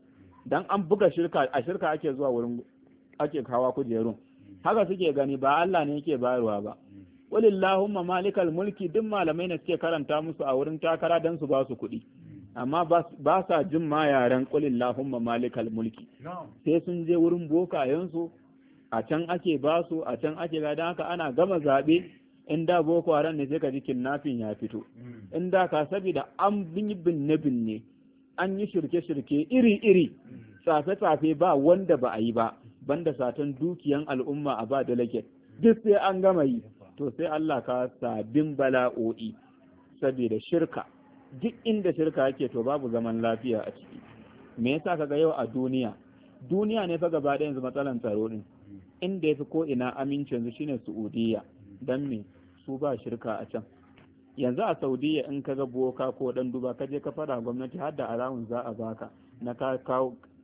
dan an buga shirka a shirka ake zuwa wurin ake kawa kujerun haka suke gani ba Allah ne yake bayarwa ba walillahumma malikal mulki duk malamai ne suke karanta musu a wurin takara dan su ba su kuɗi amma ba sa jin ma yaren kulillahumma malikal mulki sai sun je wurin bokayensu a can ake ba su, a can ake ga haka ana gama zaɓe in da boko haram ne sai ka ji kinnafin ya fito hmm. in da ka saboda an binne binne an yi shirke shirke iri iri hmm. safe-safe ba wanda ba a yi ba banda satan dukiyan al'umma a ba lake duk sai an gama yi to sai Allah ka sabin bala'o'i saboda shirka duk inda shirka yake to babu zaman lafiya a ciki me yasa kaga yau a duniya duniya ne fa gaba da yanzu matsalan tsaro din hmm. inda yafi ko ina aminci yanzu shine Saudiya dan me su ba shirka a can yanzu a saudiya in ka ga boka ko dan duba ka je ka fara gwamnati har da alawun za a baka na ka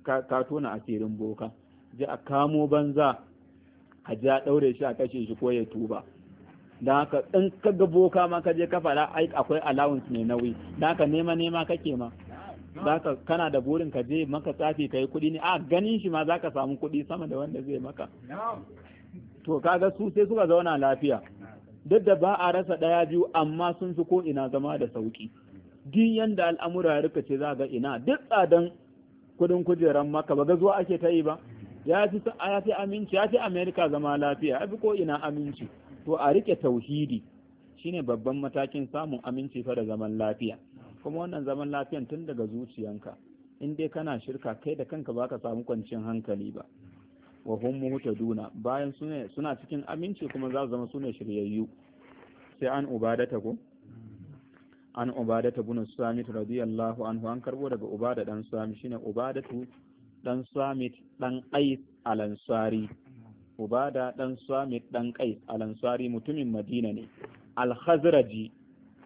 ka tona asirin boka je a kamo banza a ja daure shi a kashe shi ko ya tuba dan haka in ka ga boka ma ka je ka fara ai akwai alawun mai nauyi da haka nema nema kake ma zaka kana da burin ka je maka tsafi kai kuɗi ne a ganin shi ma zaka samu kuɗi sama da wanda zai maka to kaga su sai suka zauna lafiya duk da ba a rasa ɗaya biyu amma sun fi ko ina zama da sauki din yanda al'amura ya rika ce za ga ina duk tsadan kudin kujeran maka ba gazuwa ake ta yi ba ya fi aminci ya fi amerika zama lafiya ya fi ko ina aminci to a rike tauhidi shine babban matakin samun aminci fa da zaman lafiya kuma wannan zaman lafiyan tun daga zuciyanka in dai kana shirka kai da kanka baka samu kwanciyar hankali ba wa hum muhtaduna bayan sune suna cikin aminci kuma za su zama sune shiryayyu sai an ubadata ko an ubadata samit radiyallahu anhu an karbo daga ubada dan samit shine ubadatu dan samit dan qais al-ansari ubada dan samit dan qais al mutumin madina ne al-khazraji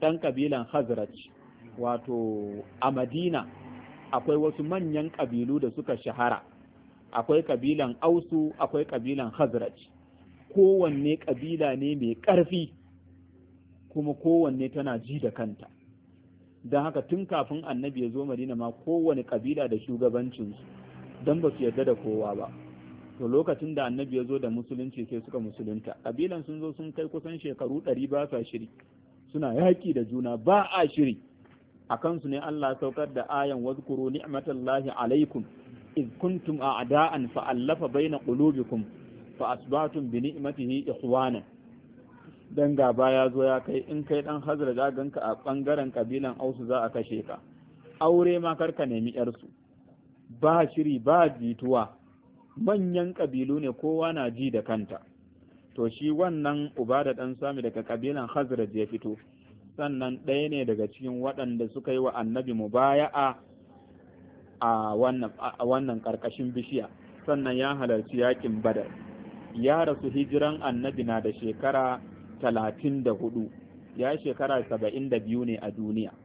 dan kabilan khazraj wato a madina akwai wasu manyan kabilu da suka shahara akwai kabilan ausu akwai kabilan khazraj kowanne kabila ne mai ƙarfi kuma kowanne tana ji da kanta don haka tun kafin annabi ya zo madina ma kowane kabila da shugabancinsu don ba su yarda da kowa ba to lokacin da annabi ya zo da musulunci sai suka musulunta kabilan sun zo sun kai kusan shekaru ɗari ba sa shiri suna yaƙi da juna ba a shiri a kansu ne Allah saukar da ayan wazkuru ni'matallahi alaikum إذ كنتم أعداء فألف بين قلوبكم فأصبحتم بنعمته إخوانا dan gaba ya zo ya kai in kai dan hazra za ganka a bangaren kabilan ausu za a kashe ka aure ma karka nemi yarsu ba shiri ba jituwa manyan kabilu ne kowa na ji da kanta to shi wannan uba da dan sami daga kabilan hazra ya fito sannan ɗaya ne daga cikin waɗanda suka yi wa annabi mubaya'a a wannan karkashin bishiya sannan ya halarci yakin badar ya rasu hijiran annabi na da shekara talatin da hudu ya shekara saba'in da biyu ne a duniya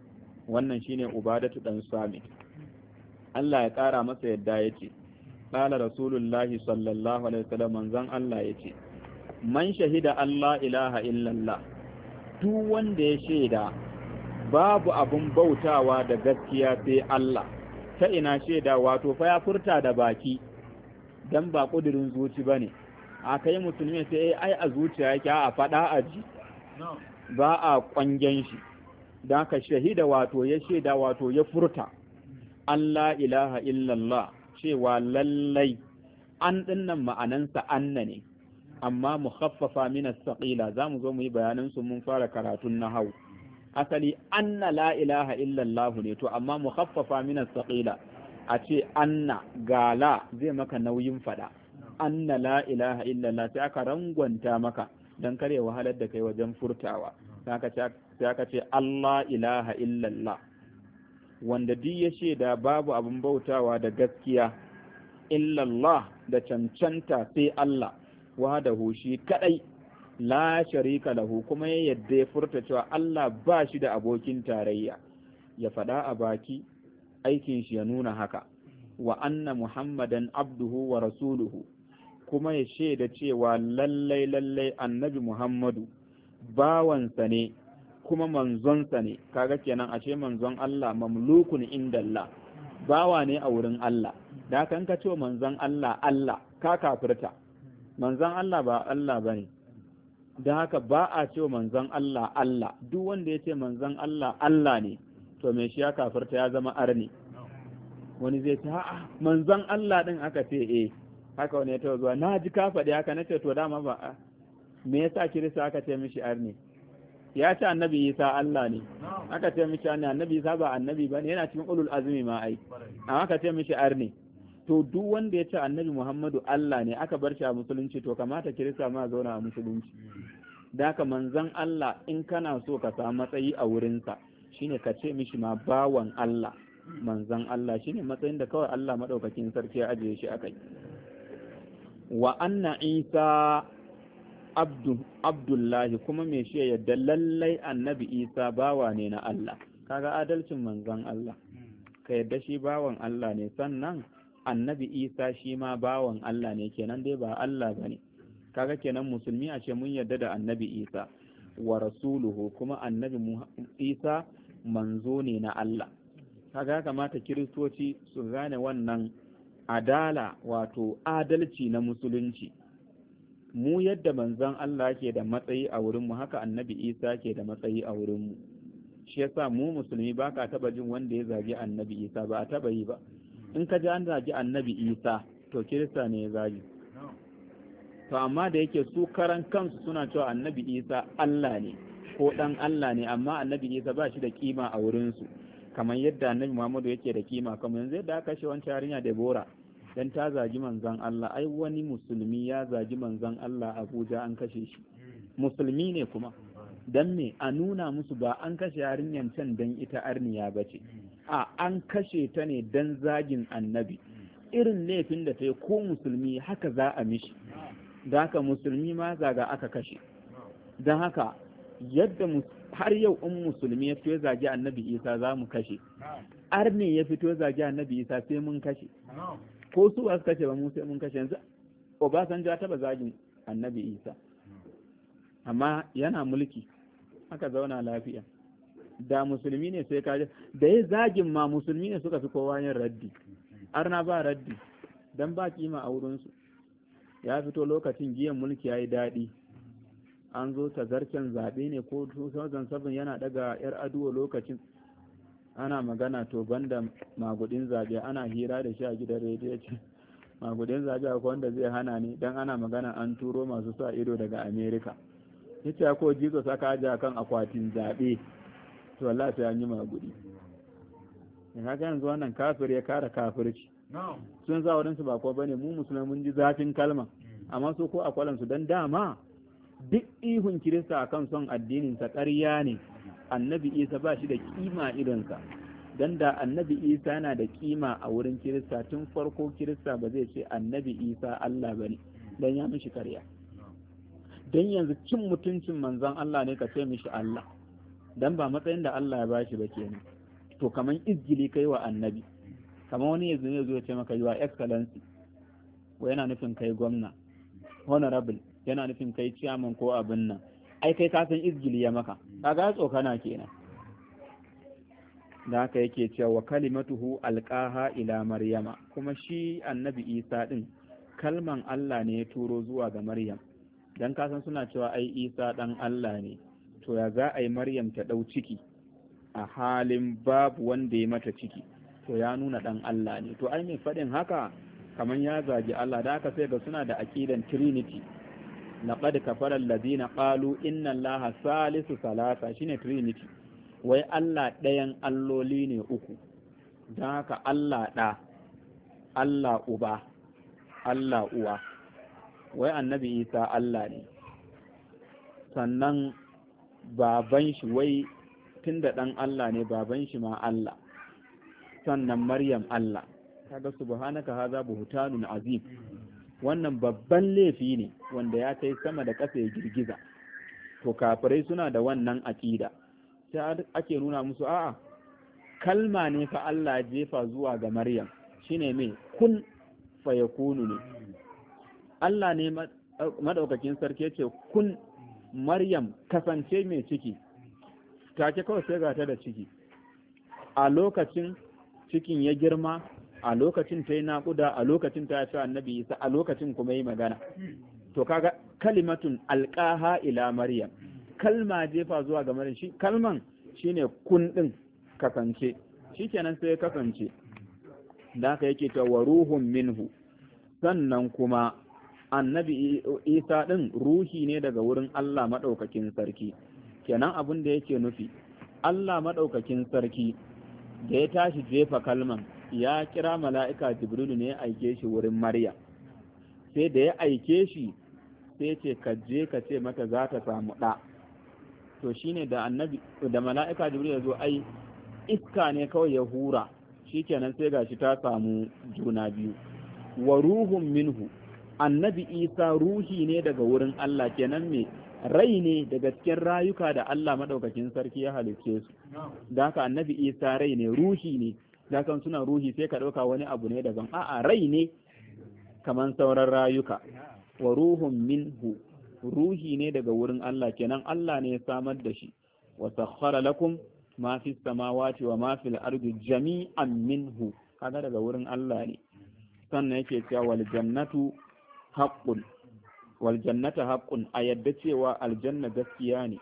wannan shine ubadatu dan sami Allah ya ƙara masa yadda ya ce ƙala rasulullahi sallallahu alaihi wasallam manzon Allah ya ce man shahida Allah ilaha illallah duk wanda ya shaida babu abun bautawa da gaskiya sai Allah ta ina shaida wato fa ya furta da baki dan ba kudirin zuci bane a kai musulmi sai eh, ai a zuciya yake a faɗa a ji ba a kwangen shi don ka shahida wato ya shaida wato ya furta Allah ilaha illallah cewa lallai an dinnan ma'anansa anna ne amma mukhaffafa min as-saqila zamu zo mu yi bayanan su mun fara karatun nahwu asali anna la ilaha illallah ne to amma mu min as-saqila a ce anna gala zai maka nauyin fada anna la ilaha illallah sai aka rangwanta maka dan kare wahalar da kai wajen furtawa sai aka ce Allah ilaha illallah wanda duk ya shaida babu abin bautawa da gaskiya illallah da cancanta sai Allah wa da hoshi kadai la sharika lahu kuma ya yadda ya furta cewa Allah ba shi da abokin tarayya ya faɗa a baki aikin shi ya nuna haka wa anna muhammadan abduhu wa rasuluhu kuma ya shaida cewa lallai lallai annabi muhammadu bawansa ne kuma manzonsa ne kaga kenan ashe manzon Allah mamlukun indallah bawa ne a wurin Allah da kan ka ce manzon Allah Allah ka kafirta manzon Allah ba Allah bane don haka ba a ce manzon Allah Allah duk wanda ya ce manzon Allah Allah ne to me shi ya kafirta ya zama arni wani zai ce a'a manzon Allah din aka ce eh haka wani ya taɓa zuwa na ji ka faɗi haka na ce to dama ba me yasa kirista aka ce mishi arni ya ce annabi isa Allah ne aka ce mishi annabi isa ba annabi ba ne yana cikin ulul azumi ma ai amma aka ce mishi arni to duk wanda ya ce annabi Muhammadu Allah ne aka bar shi a musulunci to kamata kirista ma zauna a musulunci da ka manzan Allah in kana so ka samu matsayi a wurinsa shine ka ce mishi ma bawan Allah manzan Allah shine matsayin da kawai Allah maɗaukakin sarki ya ajiye shi kai. wa anna Isa abdullahi kuma mai shi yadda lallai annabi Isa bawa ne na Allah kaga adalcin manzan Allah ka yadda shi bawan Allah ne sannan annabi isa shi ma bawan Allah ne kenan dai ba Allah ba ne kaga kenan musulmi a ce mun yarda da annabi isa wa rasuluhu kuma annabi isa manzo ne na Allah kaga ya kamata kiristoci su gane wannan adala wato adalci na musulunci mu yadda manzon Allah ke da matsayi a wurinmu haka annabi isa ke da matsayi a wurinmu shi yasa mu musulmi ba ka taba jin wanda ya zagi annabi isa ba a taba yi ba in ka ji an zagi annabi isa to kirista ne ya zagi to amma da yake su karan kansu suna cewa annabi isa allah ne ko dan allah ne amma annabi isa ba shi da kima a wurinsu kamar yadda annabi muhammadu yake da kima kamar yanzu yadda aka wancan yarinya debora dan ta zagi manzon allah ai wani musulmi ya zagi manzon allah abuja an kashe shi musulmi ne kuma dan me a nuna musu ba an kashe yarinyar can dan ita arniya ba ce a an kashe ta ne dan zagin annabi irin laifin da ta yi ko musulmi haka za a mishi da haka musulmi ma zaga aka kashe don haka yadda har yau in musulmi ya fito zagi annabi isa za mu kashe arne ya fito zagi annabi isa sai mun kashe ko su ba su kashe ba mu sai mun kashe yanzu obasanjo taba zagin annabi isa amma yana mulki aka zauna lafiya da musulmi ne sai ka da ya zagin ma musulmi ne suka fi kowa yin raddi arna ba raddi dan ba kima a wurinsu ya fito lokacin giyan mulki ya yi daɗi an zo ta zarcen zaɓe ne ko 2007 yana daga yar aduwa lokacin ana magana to banda magudin zaɓe ana hira da shi a gidan rediyo ce magudin zaɓe akwai wanda zai hana ni dan ana magana an turo masu sa ido daga amerika yace ko jizo saka aja kan akwatin zaɓe to sai an yi magudi in haka yanzu wannan kafir ya kara kafirci sun za wadansu ba ko bane mu musulmai mun ji zafin kalma mm. amma su ko akwalan su dan dama duk ihun kirista akan son addinin sa ƙarya ne annabi isa ba shi da kima sa dan da annabi isa yana da kima a wurin kirista tun farko kirista ba zai ce annabi isa allah ba ne dan ya mishi karya dan yanzu cin mutuncin manzon allah ne ka ce mishi allah dan ba matsayin da Allah ya bashi ba kenan to kaman izgili kai wa annabi kaman wani yanzu ne zo ya ce maka yiwa excellency wa yana nufin kai gwamna honorable yana nufin kai chairman ko abin nan ai kai ka san izgili ya maka kaga ya tsokana kenan da haka yake cewa wa kalimatuhu alqaha ila maryama kuma shi annabi isa din kalman Allah ne ya turo zuwa ga maryam dan san suna cewa ai isa dan Allah ne to ya za a yi maryam ta ɗau ciki a halin babu wanda ya mata ciki to ya nuna ɗan Allah ne to ai mai faɗin haka kamar ya zagi Allah da aka sai ga suna da aƙidan trinity laqad kafara alladhina qalu inna allaha salisu salasa shine trinity wai Allah ɗayan alloli ne uku don haka Allah ɗa Allah uba Allah uwa wai annabi Isa Allah ne sannan baban shi wai tunda ɗan Allah ne baban shi ma Allah sannan Maryam Allah kaga subhanaka haza buhtanun azim wannan babban laifi ne wanda ya kai sama da ƙasa ya girgiza to kafirai suna da wannan aƙida sai ake nuna musu a'a kalma ne fa Allah jefa zuwa ga Maryam shine me kun fayakunu ne Allah ne eh, madaukakin sarki yace kun Maryam kasance mai ciki take kawai sai ga ta da ciki a lokacin cikin ya girma a lokacin ta yi naƙuda a lokacin ta haifi annabi isa a lokacin kuma yi magana to kaga kalimatun alƙaha ila maryam kalma jefa zuwa ga shi kalman shine ne kundin kasance shikenan sai kasance da yake ta waruhun minhu sannan kuma annabi isa ɗin ruhi ne daga wurin allah maɗaukakin sarki kenan abin da yake nufi allah maɗaukakin sarki da ya tashi jefa kalman ya kira mala'ika jibrilu ne ya aike shi wurin maryam sai da ya aike shi sai ce ka je ka ce mata za ta samu ɗa to shine da annabi da mala'ika jibril ya zo ai iska ne kawai ya hura shikenan sai gashi ta samu juna biyu wa ruhun minhu annabi isa ruhi ne daga wurin Allah kenan me rai ne daga cikin rayuka da Allah madaukakin sarki ya halicce su da haka annabi isa rai ne ruhi ne da kan suna ruhi sai ka ɗauka wani abu ne daban a'a rai ne kaman sauran rayuka wa ruhun minhu ruhi ne daga wurin Allah kenan Allah ne ya samar da shi wa sakhara lakum ma fi samawati wa ma fil ardi jami'an minhu kaga daga wurin Allah ne sannan yake cewa wal jannatu haƙƙun wal jannata a yadda cewa aljanna gaskiya ne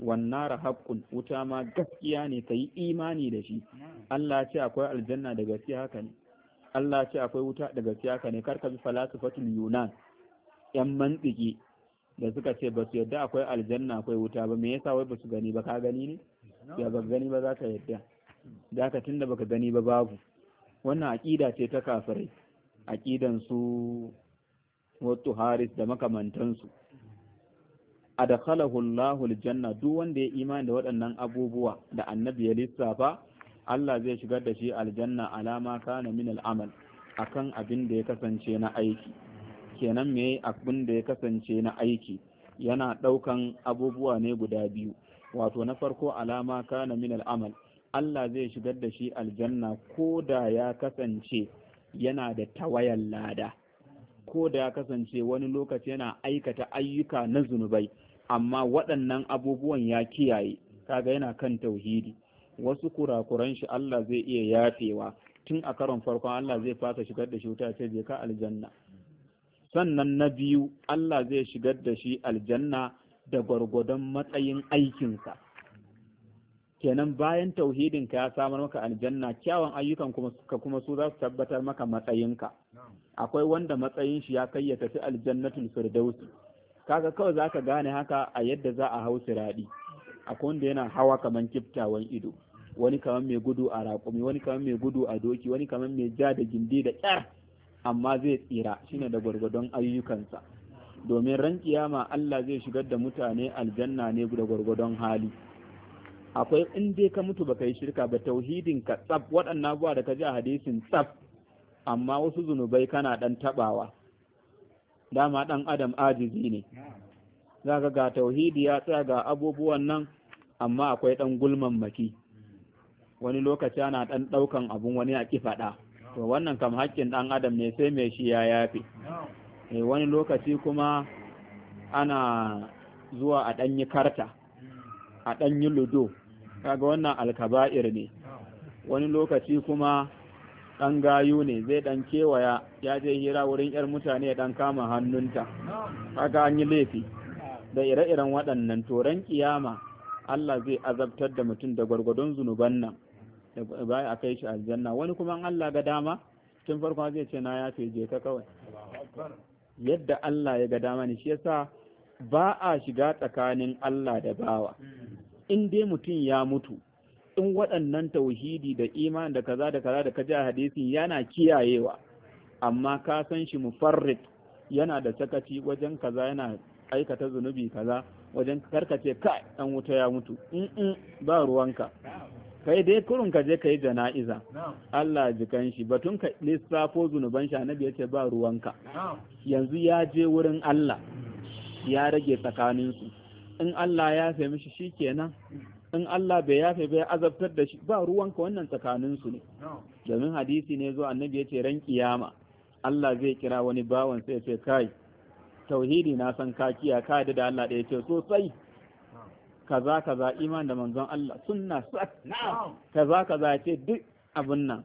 Wannan nara wuta ma gaskiya ne yi imani da shi Allah ce akwai aljanna da gaskiya haka ne Allah ce akwai wuta da gaskiya haka ne karka bi falasifatul yunan yan mantiki da suka ce ba su yadda akwai aljanna akwai wuta ba me yasa wai ba su gani ba ka gani ne ya ba gani ba za ka yadda da ka tunda baka gani ba babu wannan aƙida ce ta kafirai aƙidan su wato haris da makamantansu adkhalahu Allahu janna, duk wanda ya imani da waɗannan abubuwa da annabi ya lissafa Allah zai shigar da shi aljanna alama kana min al'amal akan abin da ya kasance na aiki kenan me abin da ya kasance na aiki yana ɗaukan abubuwa ne guda biyu wato na farko alama kana min al'amal Allah zai shigar da shi aljanna ko da ya kasance yana da tawayan lada ko da ya kasance wani lokaci yana aikata ayyuka na zunubai amma waɗannan abubuwan ya kiyaye kaga yana kan tauhidi wasu kurakuran shi Allah zai iya yafewa tun a karon farkon Allah zai fasa shigar da shi wuta ce je ka aljanna sannan na biyu Allah zai shigar da shi aljanna da gwargwadon matsayin aikinsa kenan bayan tauhidin ka ya samar maka aljanna kyawun ayyukan kuma kuma su za su tabbatar maka matsayinka akwai wanda matsayin shi ya kai ya tafi aljannatul firdausi kaga kawai zaka gane haka a yadda za a hau siradi akwai wanda yana hawa kaman kiftawan ido wani kaman mai gudu a raƙumi wani kaman mai gudu a doki wani kaman mai ja da gindi da ƙyar amma zai tsira shine da gwargwadon ayyukansa domin ran kiyama Allah zai shigar da mutane aljanna ne da gwargwadon hali akwai in dai ka mutu baka yi shirka ba tauhidin ka tsaf waɗannan abubuwa da ka ji a hadisin tsaf amma wasu zunubai kana ɗan taɓawa dama ɗan adam ajizi ne za ka ga tauhidi ya tsaya ga abubuwan nan amma akwai ɗan gulman maki wani lokaci ana ɗan ɗaukan abun wani a faɗa to wannan kam haƙƙin ɗan adam ne sai mai shi ya yafe e, wani lokaci kuma ana zuwa a ɗanyi karta a ɗanyi ludo kaga wannan alkaba'ir ne wani lokaci kuma ɗan gayu ne zai ɗan kewaya ya je hira wurin 'yar mutane ya ɗan kama hannunta kaga an yi laifi da ire-iren waɗannan toren kiyama Allah zai azabtar da mutum da gwargwadon zunuban nan da baya a kai shi aljanna wani kuma an Allah ga dama tun farko zai ce na yafe je ka kawai yadda Allah ya ga dama ne shi yasa ba a shiga tsakanin Allah da bawa in dai mutum ya mutu in waɗannan tauhidi da iman da kaza da kaza da kaji a hadisin yana kiyayewa amma ka san shi mufarrid yana da sakaci wajen kaza yana aikata zunubi kaza wajen karkace ka dan wuta ya mutu in in ba ruwanka kai dai kurun ka je kai jana'iza Allah kan shi batun ka lissafo zunuban shi annabi yace ba ruwanka yanzu ya je wurin Allah ya rage tsakaninsu in Allah ya yafe mishi shikenan in Allah bai yafe bai azabtar da shi ba ruwanka wannan tsakanin su ne domin hadisi ne zuwa annabi ya ce ran kiyama Allah zai kira wani bawan sai ya ce kai tauhidi na san kakiya ka da Allah da ya ce sosai kaza kaza iman da manzon Allah sunna kaza kaza ce duk abin nan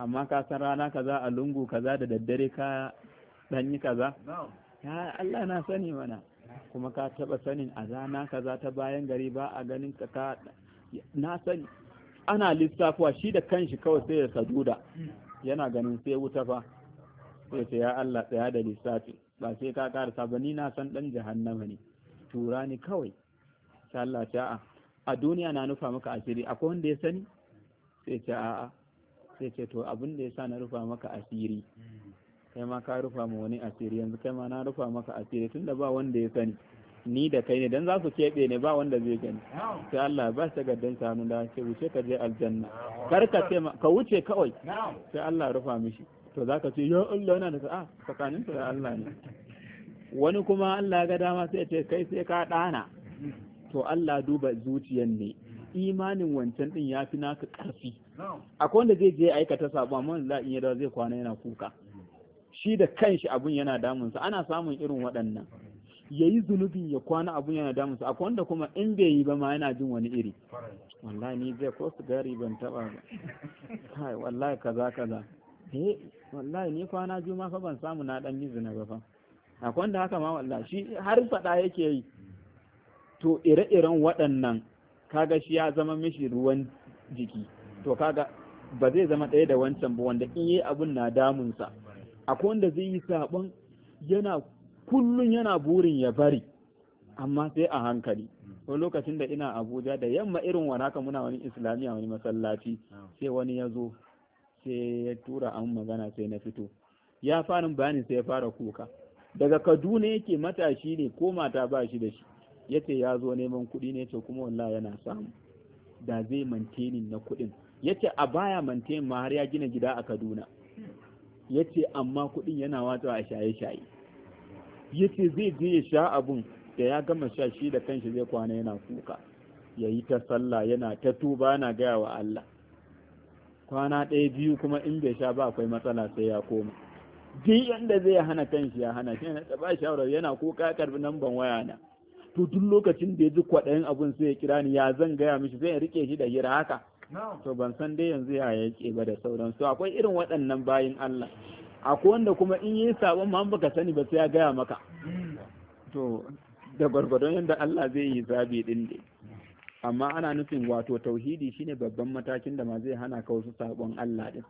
amma ka san rana kaza a lungu kaza da daddare ka danyi kaza Allah na sani mana kuma ka taɓa sanin a rana kaza ta bayan gari ba a ganin ka ka na sani ana lissafuwa shi da kanshi kawai sai ya saduda yana ganin sai wuta fa sai sai ya Allah tsaya da lissafi ba sai ka karasa ba ni na san dan jahannama ne tura ni kawai sai Allah ta a duniya na nufa maka asiri akwai wanda ya sani sai ce a'a sai ce to abin da yasa na rufa maka asiri kai ma ka rufa ma wani asiri yanzu kai ma na rufa maka asiri tunda ba wanda ya sani ni da kai ne dan za su keɓe ne ba wanda zai gani sai Allah ba shi gaddan sanu da ce wuce ka je aljanna kar ka ce ka wuce kawai sai Allah rufa mishi to zaka ce ya Allah yana da a ah, tsakanin da Allah ne wani kuma Allah ga dama sai ce kai sai ka dana to Allah duba zuciyan ne imanin wancan din ya fi naka ƙarfi akwai wanda zai je aikata sabo amma wallahi in ya dawo zai kwana yana kuka shi da kanshi abun yana damunsa ana samun irin waɗannan ya yi zunubi ya kwana abun yana damunsa akwai wanda kuma in bai yi ba ma yana jin wani iri wallahi ni zai ko sigari ban taba ba kai wallahi kaza kaza eh wallahi ni kwana biyu fa ban samu na dan yi zina ba fa akwai wanda haka ma wallahi shi har fada yake yi to ire-iren waɗannan kaga shi ya zama mishi ruwan jiki to kaga ba zai zama ɗaya da wancan ba wanda in yi abun na damunsa akwai wanda zai yi saɓon yana kullum yana burin ya bari amma sai a hankali wani lokacin da ina abuja da yamma irin waraka muna wani Islamiya, wani masallaci sai wani ya zo sai ya tura an magana sai na fito ya fara bayanin sai ya fara kuka daga kaduna yake matashi ne ko mata ba shi da shi ya ce ya zo neman kuɗi ne ce kuma wallahi yana samu da zai mantenin na kuɗin ya ce a baya mantenin ma har ya gina gida a kaduna ya ce amma kuɗin yana wato a shaye-shaye ya ce zai je ya sha abun da ya gama sha shi da kanshi zai kwana yana kuka ya yi ta sallah yana ta tuba yana gaya wa Allah kwana ɗaya biyu kuma in bai sha ba akwai matsala sai ya koma duk yanda zai hana kanshi ya hana shi ta ba shawarar yana kuka karbi namban waya na to duk lokacin da ya ji kwaɗayin abun sai ya kira ni ya zan gaya mishi zai rike shi da hira haka to ban san dai yanzu ya yake ba da sauransu akwai irin waɗannan bayin Allah akwai wanda kuma in yi sabon ma baka sani ba sai ya gaya maka hmm. to da gwargwadon yadda Allah zai yi zabi din dai. amma ana nufin wato tauhidi shine babban matakin da ma zai hana ka wasu sabon Allah din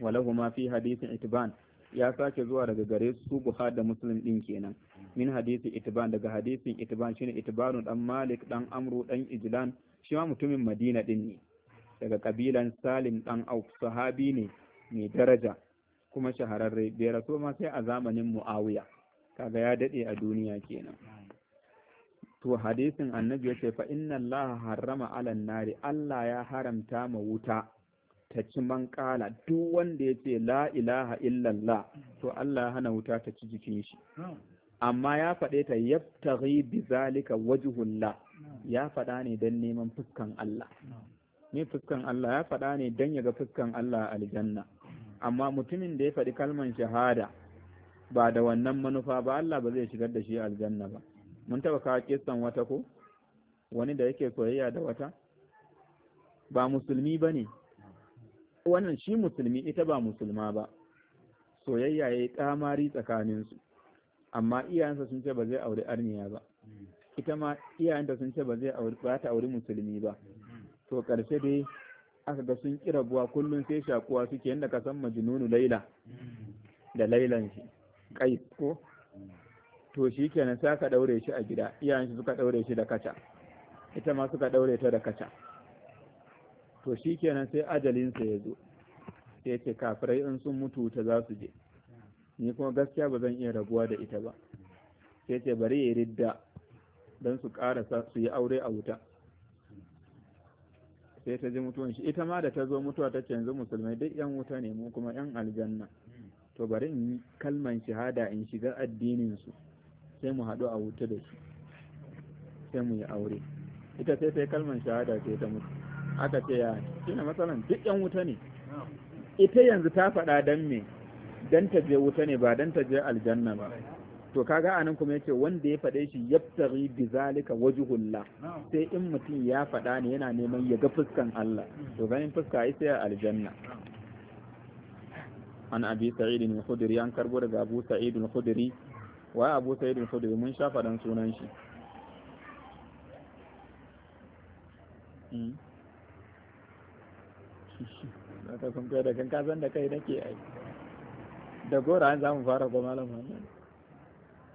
walahu ma fi hadisin itban ya sake zuwa daga gare su Buhari da Muslim din kenan min hadisi itban daga hadisin itban shine itbanu dan Malik dan Amru dan Ijlan shi ma mutumin Madina din ne daga kabilan Salim ɗan Auf sahabi ne mai daraja kuma shahararre bai raso ma sai a zamanin Muawiya kaga ya daɗe a duniya kenan to hadisin annabi ce fa inna Allah harrama alan nari Allah ya haramta ma wuta ta ci man kala duk wanda yace la ilaha illallah to Allah ya hana wuta ta ci jikin shi amma ya faɗe ta yabtaghi bi zalika wajhullah ya faɗa ne dan neman fuskan Allah ni fuskan Allah ya faɗa ne don ya ga fuskan Allah a aljanna amma mutumin da ya faɗi kalman shahada ba da wannan manufa ba Allah ba zai shigar da shi aljanna ba mun taba kawo kisan wata ko wani da yake soyayya da wata ba musulmi ba ne wannan shi musulmi ita ba musulma ba soyayya ya yi kamari tsakaninsu amma iyayensa sun ce ba zai auri arniya ba ita ma iyayenta sun ce ba zai aure ba ta auri musulmi ba to ƙarshe dai aka ga sun kira buwa kullum sai shakuwa suke yadda ka san majinunu laila da lailan shi kai ko to shi kenan sai aka ɗaure shi a gida iyayen shi suka ɗaure shi da kaca ita ma suka ɗaure ta da kaca to shi kenan sai ajalinsa ya zo sai ce kafirai in sun mutu ta za su je ni kuma gaskiya ba zan iya rabuwa da ita ba sai ce bari ya ridda don su ƙarasa su yi aure a wuta sai ta ji mutuwan shi ita ma da ta zo mutuwa ta ce yanzu musulmai duk yan wuta ne mu kuma yan aljanna to bari in yi kalman shahada in shiga addinin su sai mu haɗu a wuta da shi sai mu yi aure ita sai sai kalman shahada sai ta mutu aka ce ya shine matsalan duk yan wuta ne ita yanzu ta faɗa dan me dan ta je wuta ne ba dan ta je aljanna ba to kaga anan kuma yake wanda ya faɗe shi yabtaghi bi zalika wajhullah sai in mutum ya faɗa ne yana neman ya ga fuskan Allah mm. to ganin fuska ai sai aljanna an abi sa'id bin khudri an karbo daga abu sa'id bin khudri wa abu sa'id bin khudri mun sha faɗan sunan shi hmm. da kan da kai nake ai da gora an zamu fara ko malam Muhammad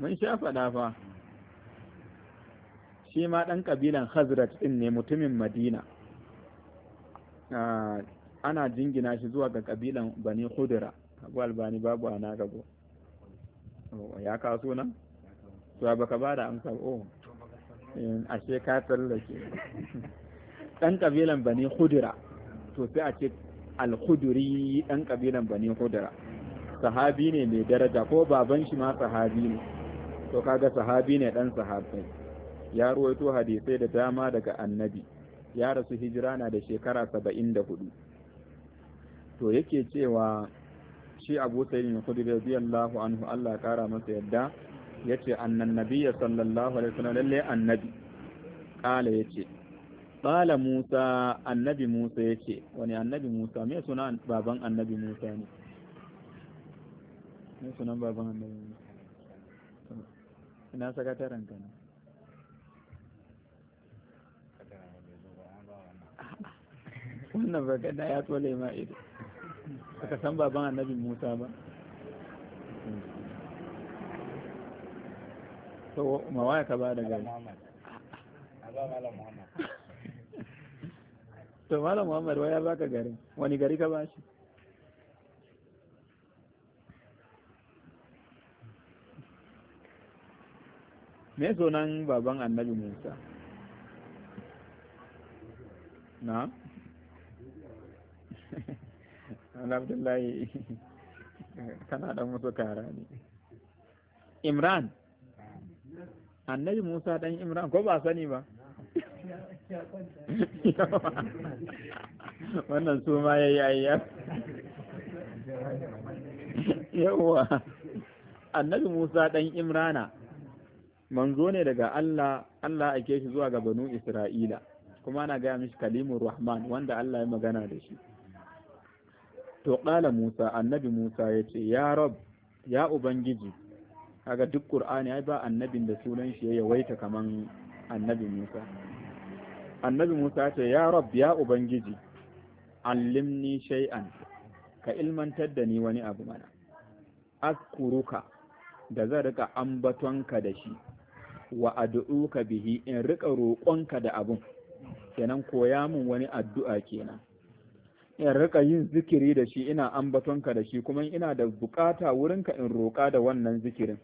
mun sha faɗa fa shi ma ɗan ƙabilan hazrat ɗin ne mutumin madina ah, ana jingina shi zuwa ga ƙabilan bani hudura abu albani babu ana gago oh, ya kawo nan to ba ka ba da amsa o oh. eh, ashe ka tsallake ɗan ƙabilan bani hudura to sai a ce alhuduri ɗan ƙabilan bani hudura sahabi ne mai daraja ko baban shi ma sahabi ne to kaga sahabi ne dan sahabi ya ruwaito hadisai da dama daga annabi ya rasu hijira na da shekara saba'in da hudu to yake cewa shi abu sayyidin kudu radiyallahu anhu Allah ya kara masa yadda ya ce annan nabiya sallallahu alaihi wasallam lalle annabi kala ya ce kala musa annabi musa ya ce wani annabi musa me suna baban annabi musa ne me sunan baban annabi musa ina sakataren ka ne wannan bagada ya tsole ma ido aka san baban annabi musa ba to ma waya ka ba da gari to malam muhammad wai ya baka gari? wani gari ka ba shi me sunan baban annabi musa na alhamdulillahi kana dan musu kara ne imran annabi musa dan imran ko ba sani ba wannan su ma ya yi ayyar annabi musa dan imrana manzo ne daga Allah Allah ake shi zuwa ga banu Isra'ila kuma ana gaya mishi kalimur rahman wanda Allah ya magana da shi to qala Musa annabi Musa yace ya rab ya ubangiji kaga duk Qur'ani ai ba annabin da sunan shi ya yawaita kaman annabi Musa annabi Musa ce ya rab ya ubangiji allimni shay'an ka ilmantar da ni wani abu mana askuruka da zan rika ambatonka da shi wa ka bihi in rika roƙonka da abin. kenan koya min wani addu'a kenan in rika yin zikiri da shi ina ambatonka da shi kuma ina da bukata wurinka in roƙa da wannan zikirin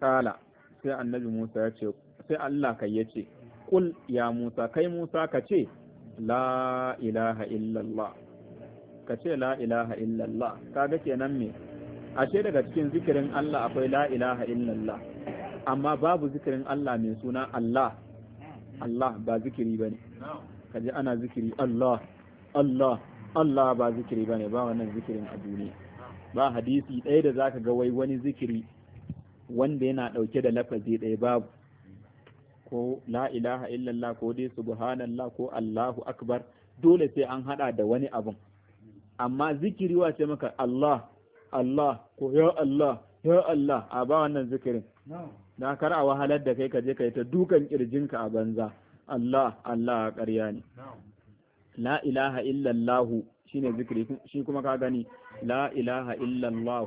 kala sai annabi Musa ya ce sai Allah kai ya ce kul ya Musa kai Musa ka ce la ilaha illallah ka ce la ilaha illallah kaga kenan me ashe daga cikin zikirin Allah akwai la ilaha illallah amma babu zikirin Allah mai suna Allah Allah ba zikiri ba ne kaji ana zikiri Allah Allah Allah ba zikiri ba ne ba wannan zikirin a duniya ba hadisi ɗaya da zaka ga wai wani zikiri wanda yana ɗauke da lafazi ɗaya babu ko la ilaha illallah ko dai subhanallah ko Allahu akbar dole sai an hada da wani abun amma zikiri wace maka Allah Allah ko ya Allah ya Allah a ba wannan zikirin da kar a wahalar da kai ka je kai ta dukan kirjinka a banza Allah Allah ƙarya ne la ilaha illallah shine zikiri shi kuma ka gani la ilaha illallah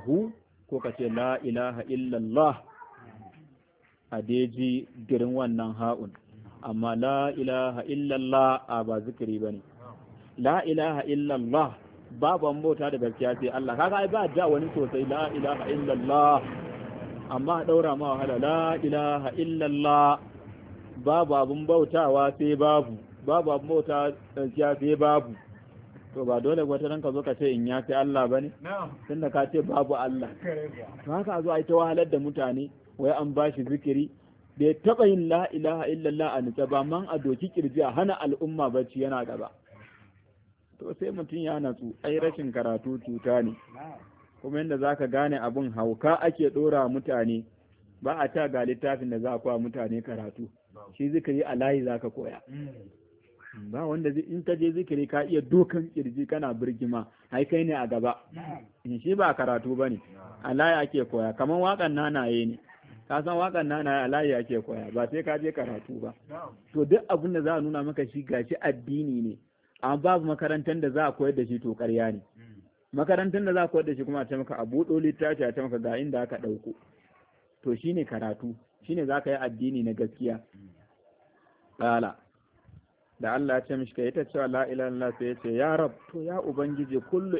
ko ka ce la ilaha illallah a deji girin wannan ha'un amma la ilaha illallah a ba zikiri bane la ilaha illallah babu an bauta da gaskiya sai Allah kaga ai ba da wani sosai la ilaha illallah amma a ɗaura ma wahala la ilaha illallah babu abun bautawa sai babu babu abun bautawa sai babu to ba dole wata nan ka zo ka ce in ya fi Allah ba ne tunda ka ce babu Allah to haka a zo a yi ta wahalar da mutane wai an ba shi zikiri bai taɓa yin la ilaha illallah a nutsa ba man a doki kirji a hana al'umma bacci yana gaba to sai mutum ya natsu ai rashin karatu cuta ne kuma yadda za ka gane abin hauka ake ɗora mutane ba a ta ga littafin da za a mutane karatu shi zikiri a layi za ka koya ba wanda in ka je zikiri ka iya dokan kirji kana birgima Hai kai ne a gaba shi ba karatu ba ne a layi ake koya kamar waƙan nanaye ne ka san waƙan nanaye a layi ake koya ba sai ka je karatu ba to duk abin da za a nuna maka shi gashi addini ne amma babu makarantar da za a koyar da shi to ƙarya ne makarantun da za ku da shi kuma a ce maka a buɗo littafi a ce maka ga inda aka ɗauko to shine karatu shine za ka yi addini na gaskiya ƙala da Allah ya ce mishi ka yi ta cewa la ilaha illallah sai ya ce ya rab to ya ubangiji kullu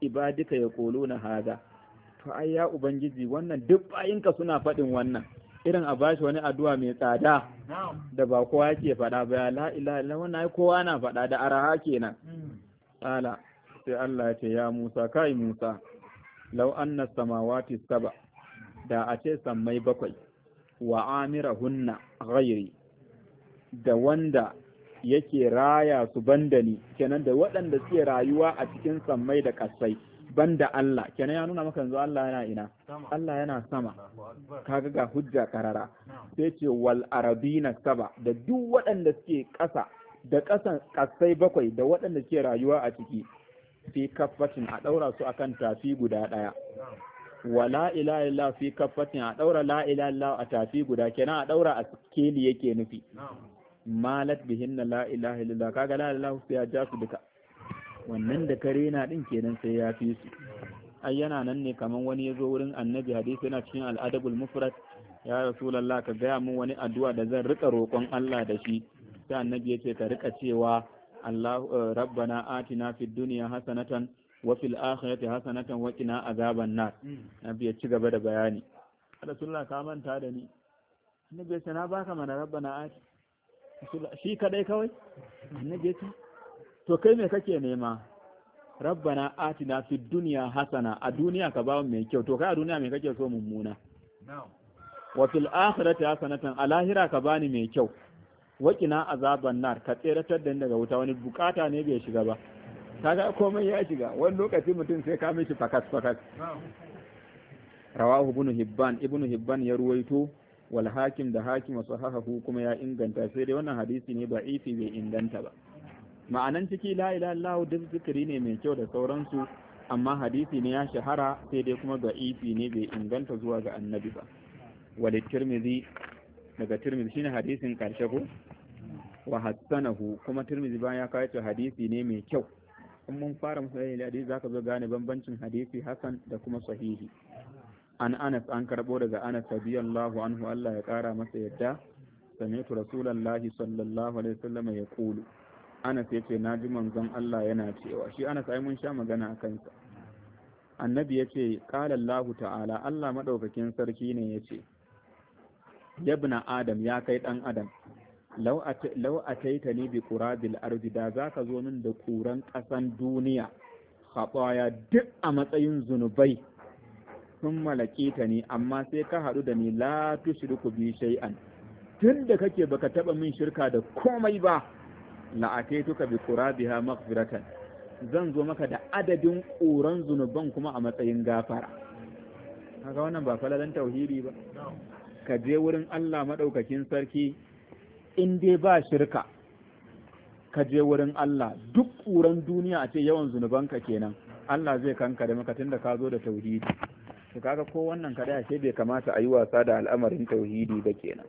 ibadika ya kolo na haza to ai ya ubangiji wannan duk bayinka suna faɗin wannan irin a bashi wani addu'a mai tsada da ba kowa yake faɗa ba ya la ilaha illallah wannan ai kowa na faɗa da araha kenan mm. ƙala sai Allah ya ce ya Musa kai Musa law anna samawati saba da a ce sammai bakwai wa amirahunna ghairi da wanda yake raya su banda ni kenan da waɗanda suke rayuwa a cikin sammai da ƙasai banda Allah kenan ya nuna maka yanzu Allah yana ina Allah yana sama kaga ga hujja karara sai ce wal arabina saba da duk waɗanda suke ƙasa da ƙasan ƙasai bakwai da waɗanda suke rayuwa a ciki fi kaffatin a ɗaura su akan tafi guda ɗaya wa la ilaha illa fi kaffatin a ɗaura la ilaha illa a tafi guda kenan a ɗaura a keli yake nufi malat bihinna la ilaha illa kaga la ilaha sai ya ja su duka wannan da kare na din kenan sai ya fi su ai yana nan ne kaman wani yazo wurin annabi hadisi yana cikin al'adabul mufrad ya rasulullah ka gaya min wani addu'a da zan rika roƙon Allah da shi sai annabi ya ce ka rika cewa الله ربنا آتنا في الدنيا حسنة وفي الآخرة حسنة وقنا عذاب النار نبي يتشغب هذا بياني رسول الله كامان تادني النبي سنا باك من ربنا ati? shi kadai kawai annabi ya to kai me kake nema rabbana atina fi duniya hasana a duniya ka ba mai kyau to kai a duniya me kake so mummuna wa fil akhirati hasanatan a lahira ka bani mai kyau waƙina azaban nar ka tseratar da daga wuta wani bukata ne bai shiga ba kaga komai ya shiga wani lokaci mutum sai ka mishi fakas fakas rawahu ibn hibban ibn hibban ya ruwaito wal hakim da hakim wa kuma ya inganta sai dai wannan hadisi ne ba ifi bai inganta ba ma'anan ciki la ilaha illallah duk zikiri ne mai kyau da sauransu amma hadisi ne ya shahara sai dai kuma ba ifi ne bai inganta zuwa ga annabi ba wal tirmidhi daga tirmidhi shine hadisin karshe ko wa hassanahu kuma tirmizi bayan ya kawo hadisi ne mai kyau in mun fara musulmi da hadisi zaka zo gane bambancin hadisi hasan da kuma sahihi an anas an karbo daga anas radiyallahu anhu Allah ya kara masa yadda sami'tu rasulullahi sallallahu alaihi wasallam ya kulu anas yace na ji manzon Allah yana cewa shi anas ai mun sha magana a kansa annabi yace qala Allah ta'ala Allah madaukakin sarki ne yace yabna adam ya kai dan adam lau a taita ni bi kurabil ardi da za ka zo min da kuran ƙasan duniya haɓaya duk a matsayin zunubai sun malaki ta ni amma sai ka haɗu da ni la tushriku bi shay'an tun da kake baka taɓa min shirka da komai ba la ataituka bi qurabiha maghfiratan zan zo maka da adadin ƙuran zunuban kuma a matsayin gafara kaga wannan ba falalan tauhidi ba ka je wurin Allah madaukakin sarki in dai ba shirka ka je wurin Allah duk ƙuran duniya a ce yawan zunubanka kenan Allah zai kankare maka tunda ka zo da tauhidi to kaga ko wannan kada ashe bai kamata a yi wasa da al'amarin tauhidi ba kenan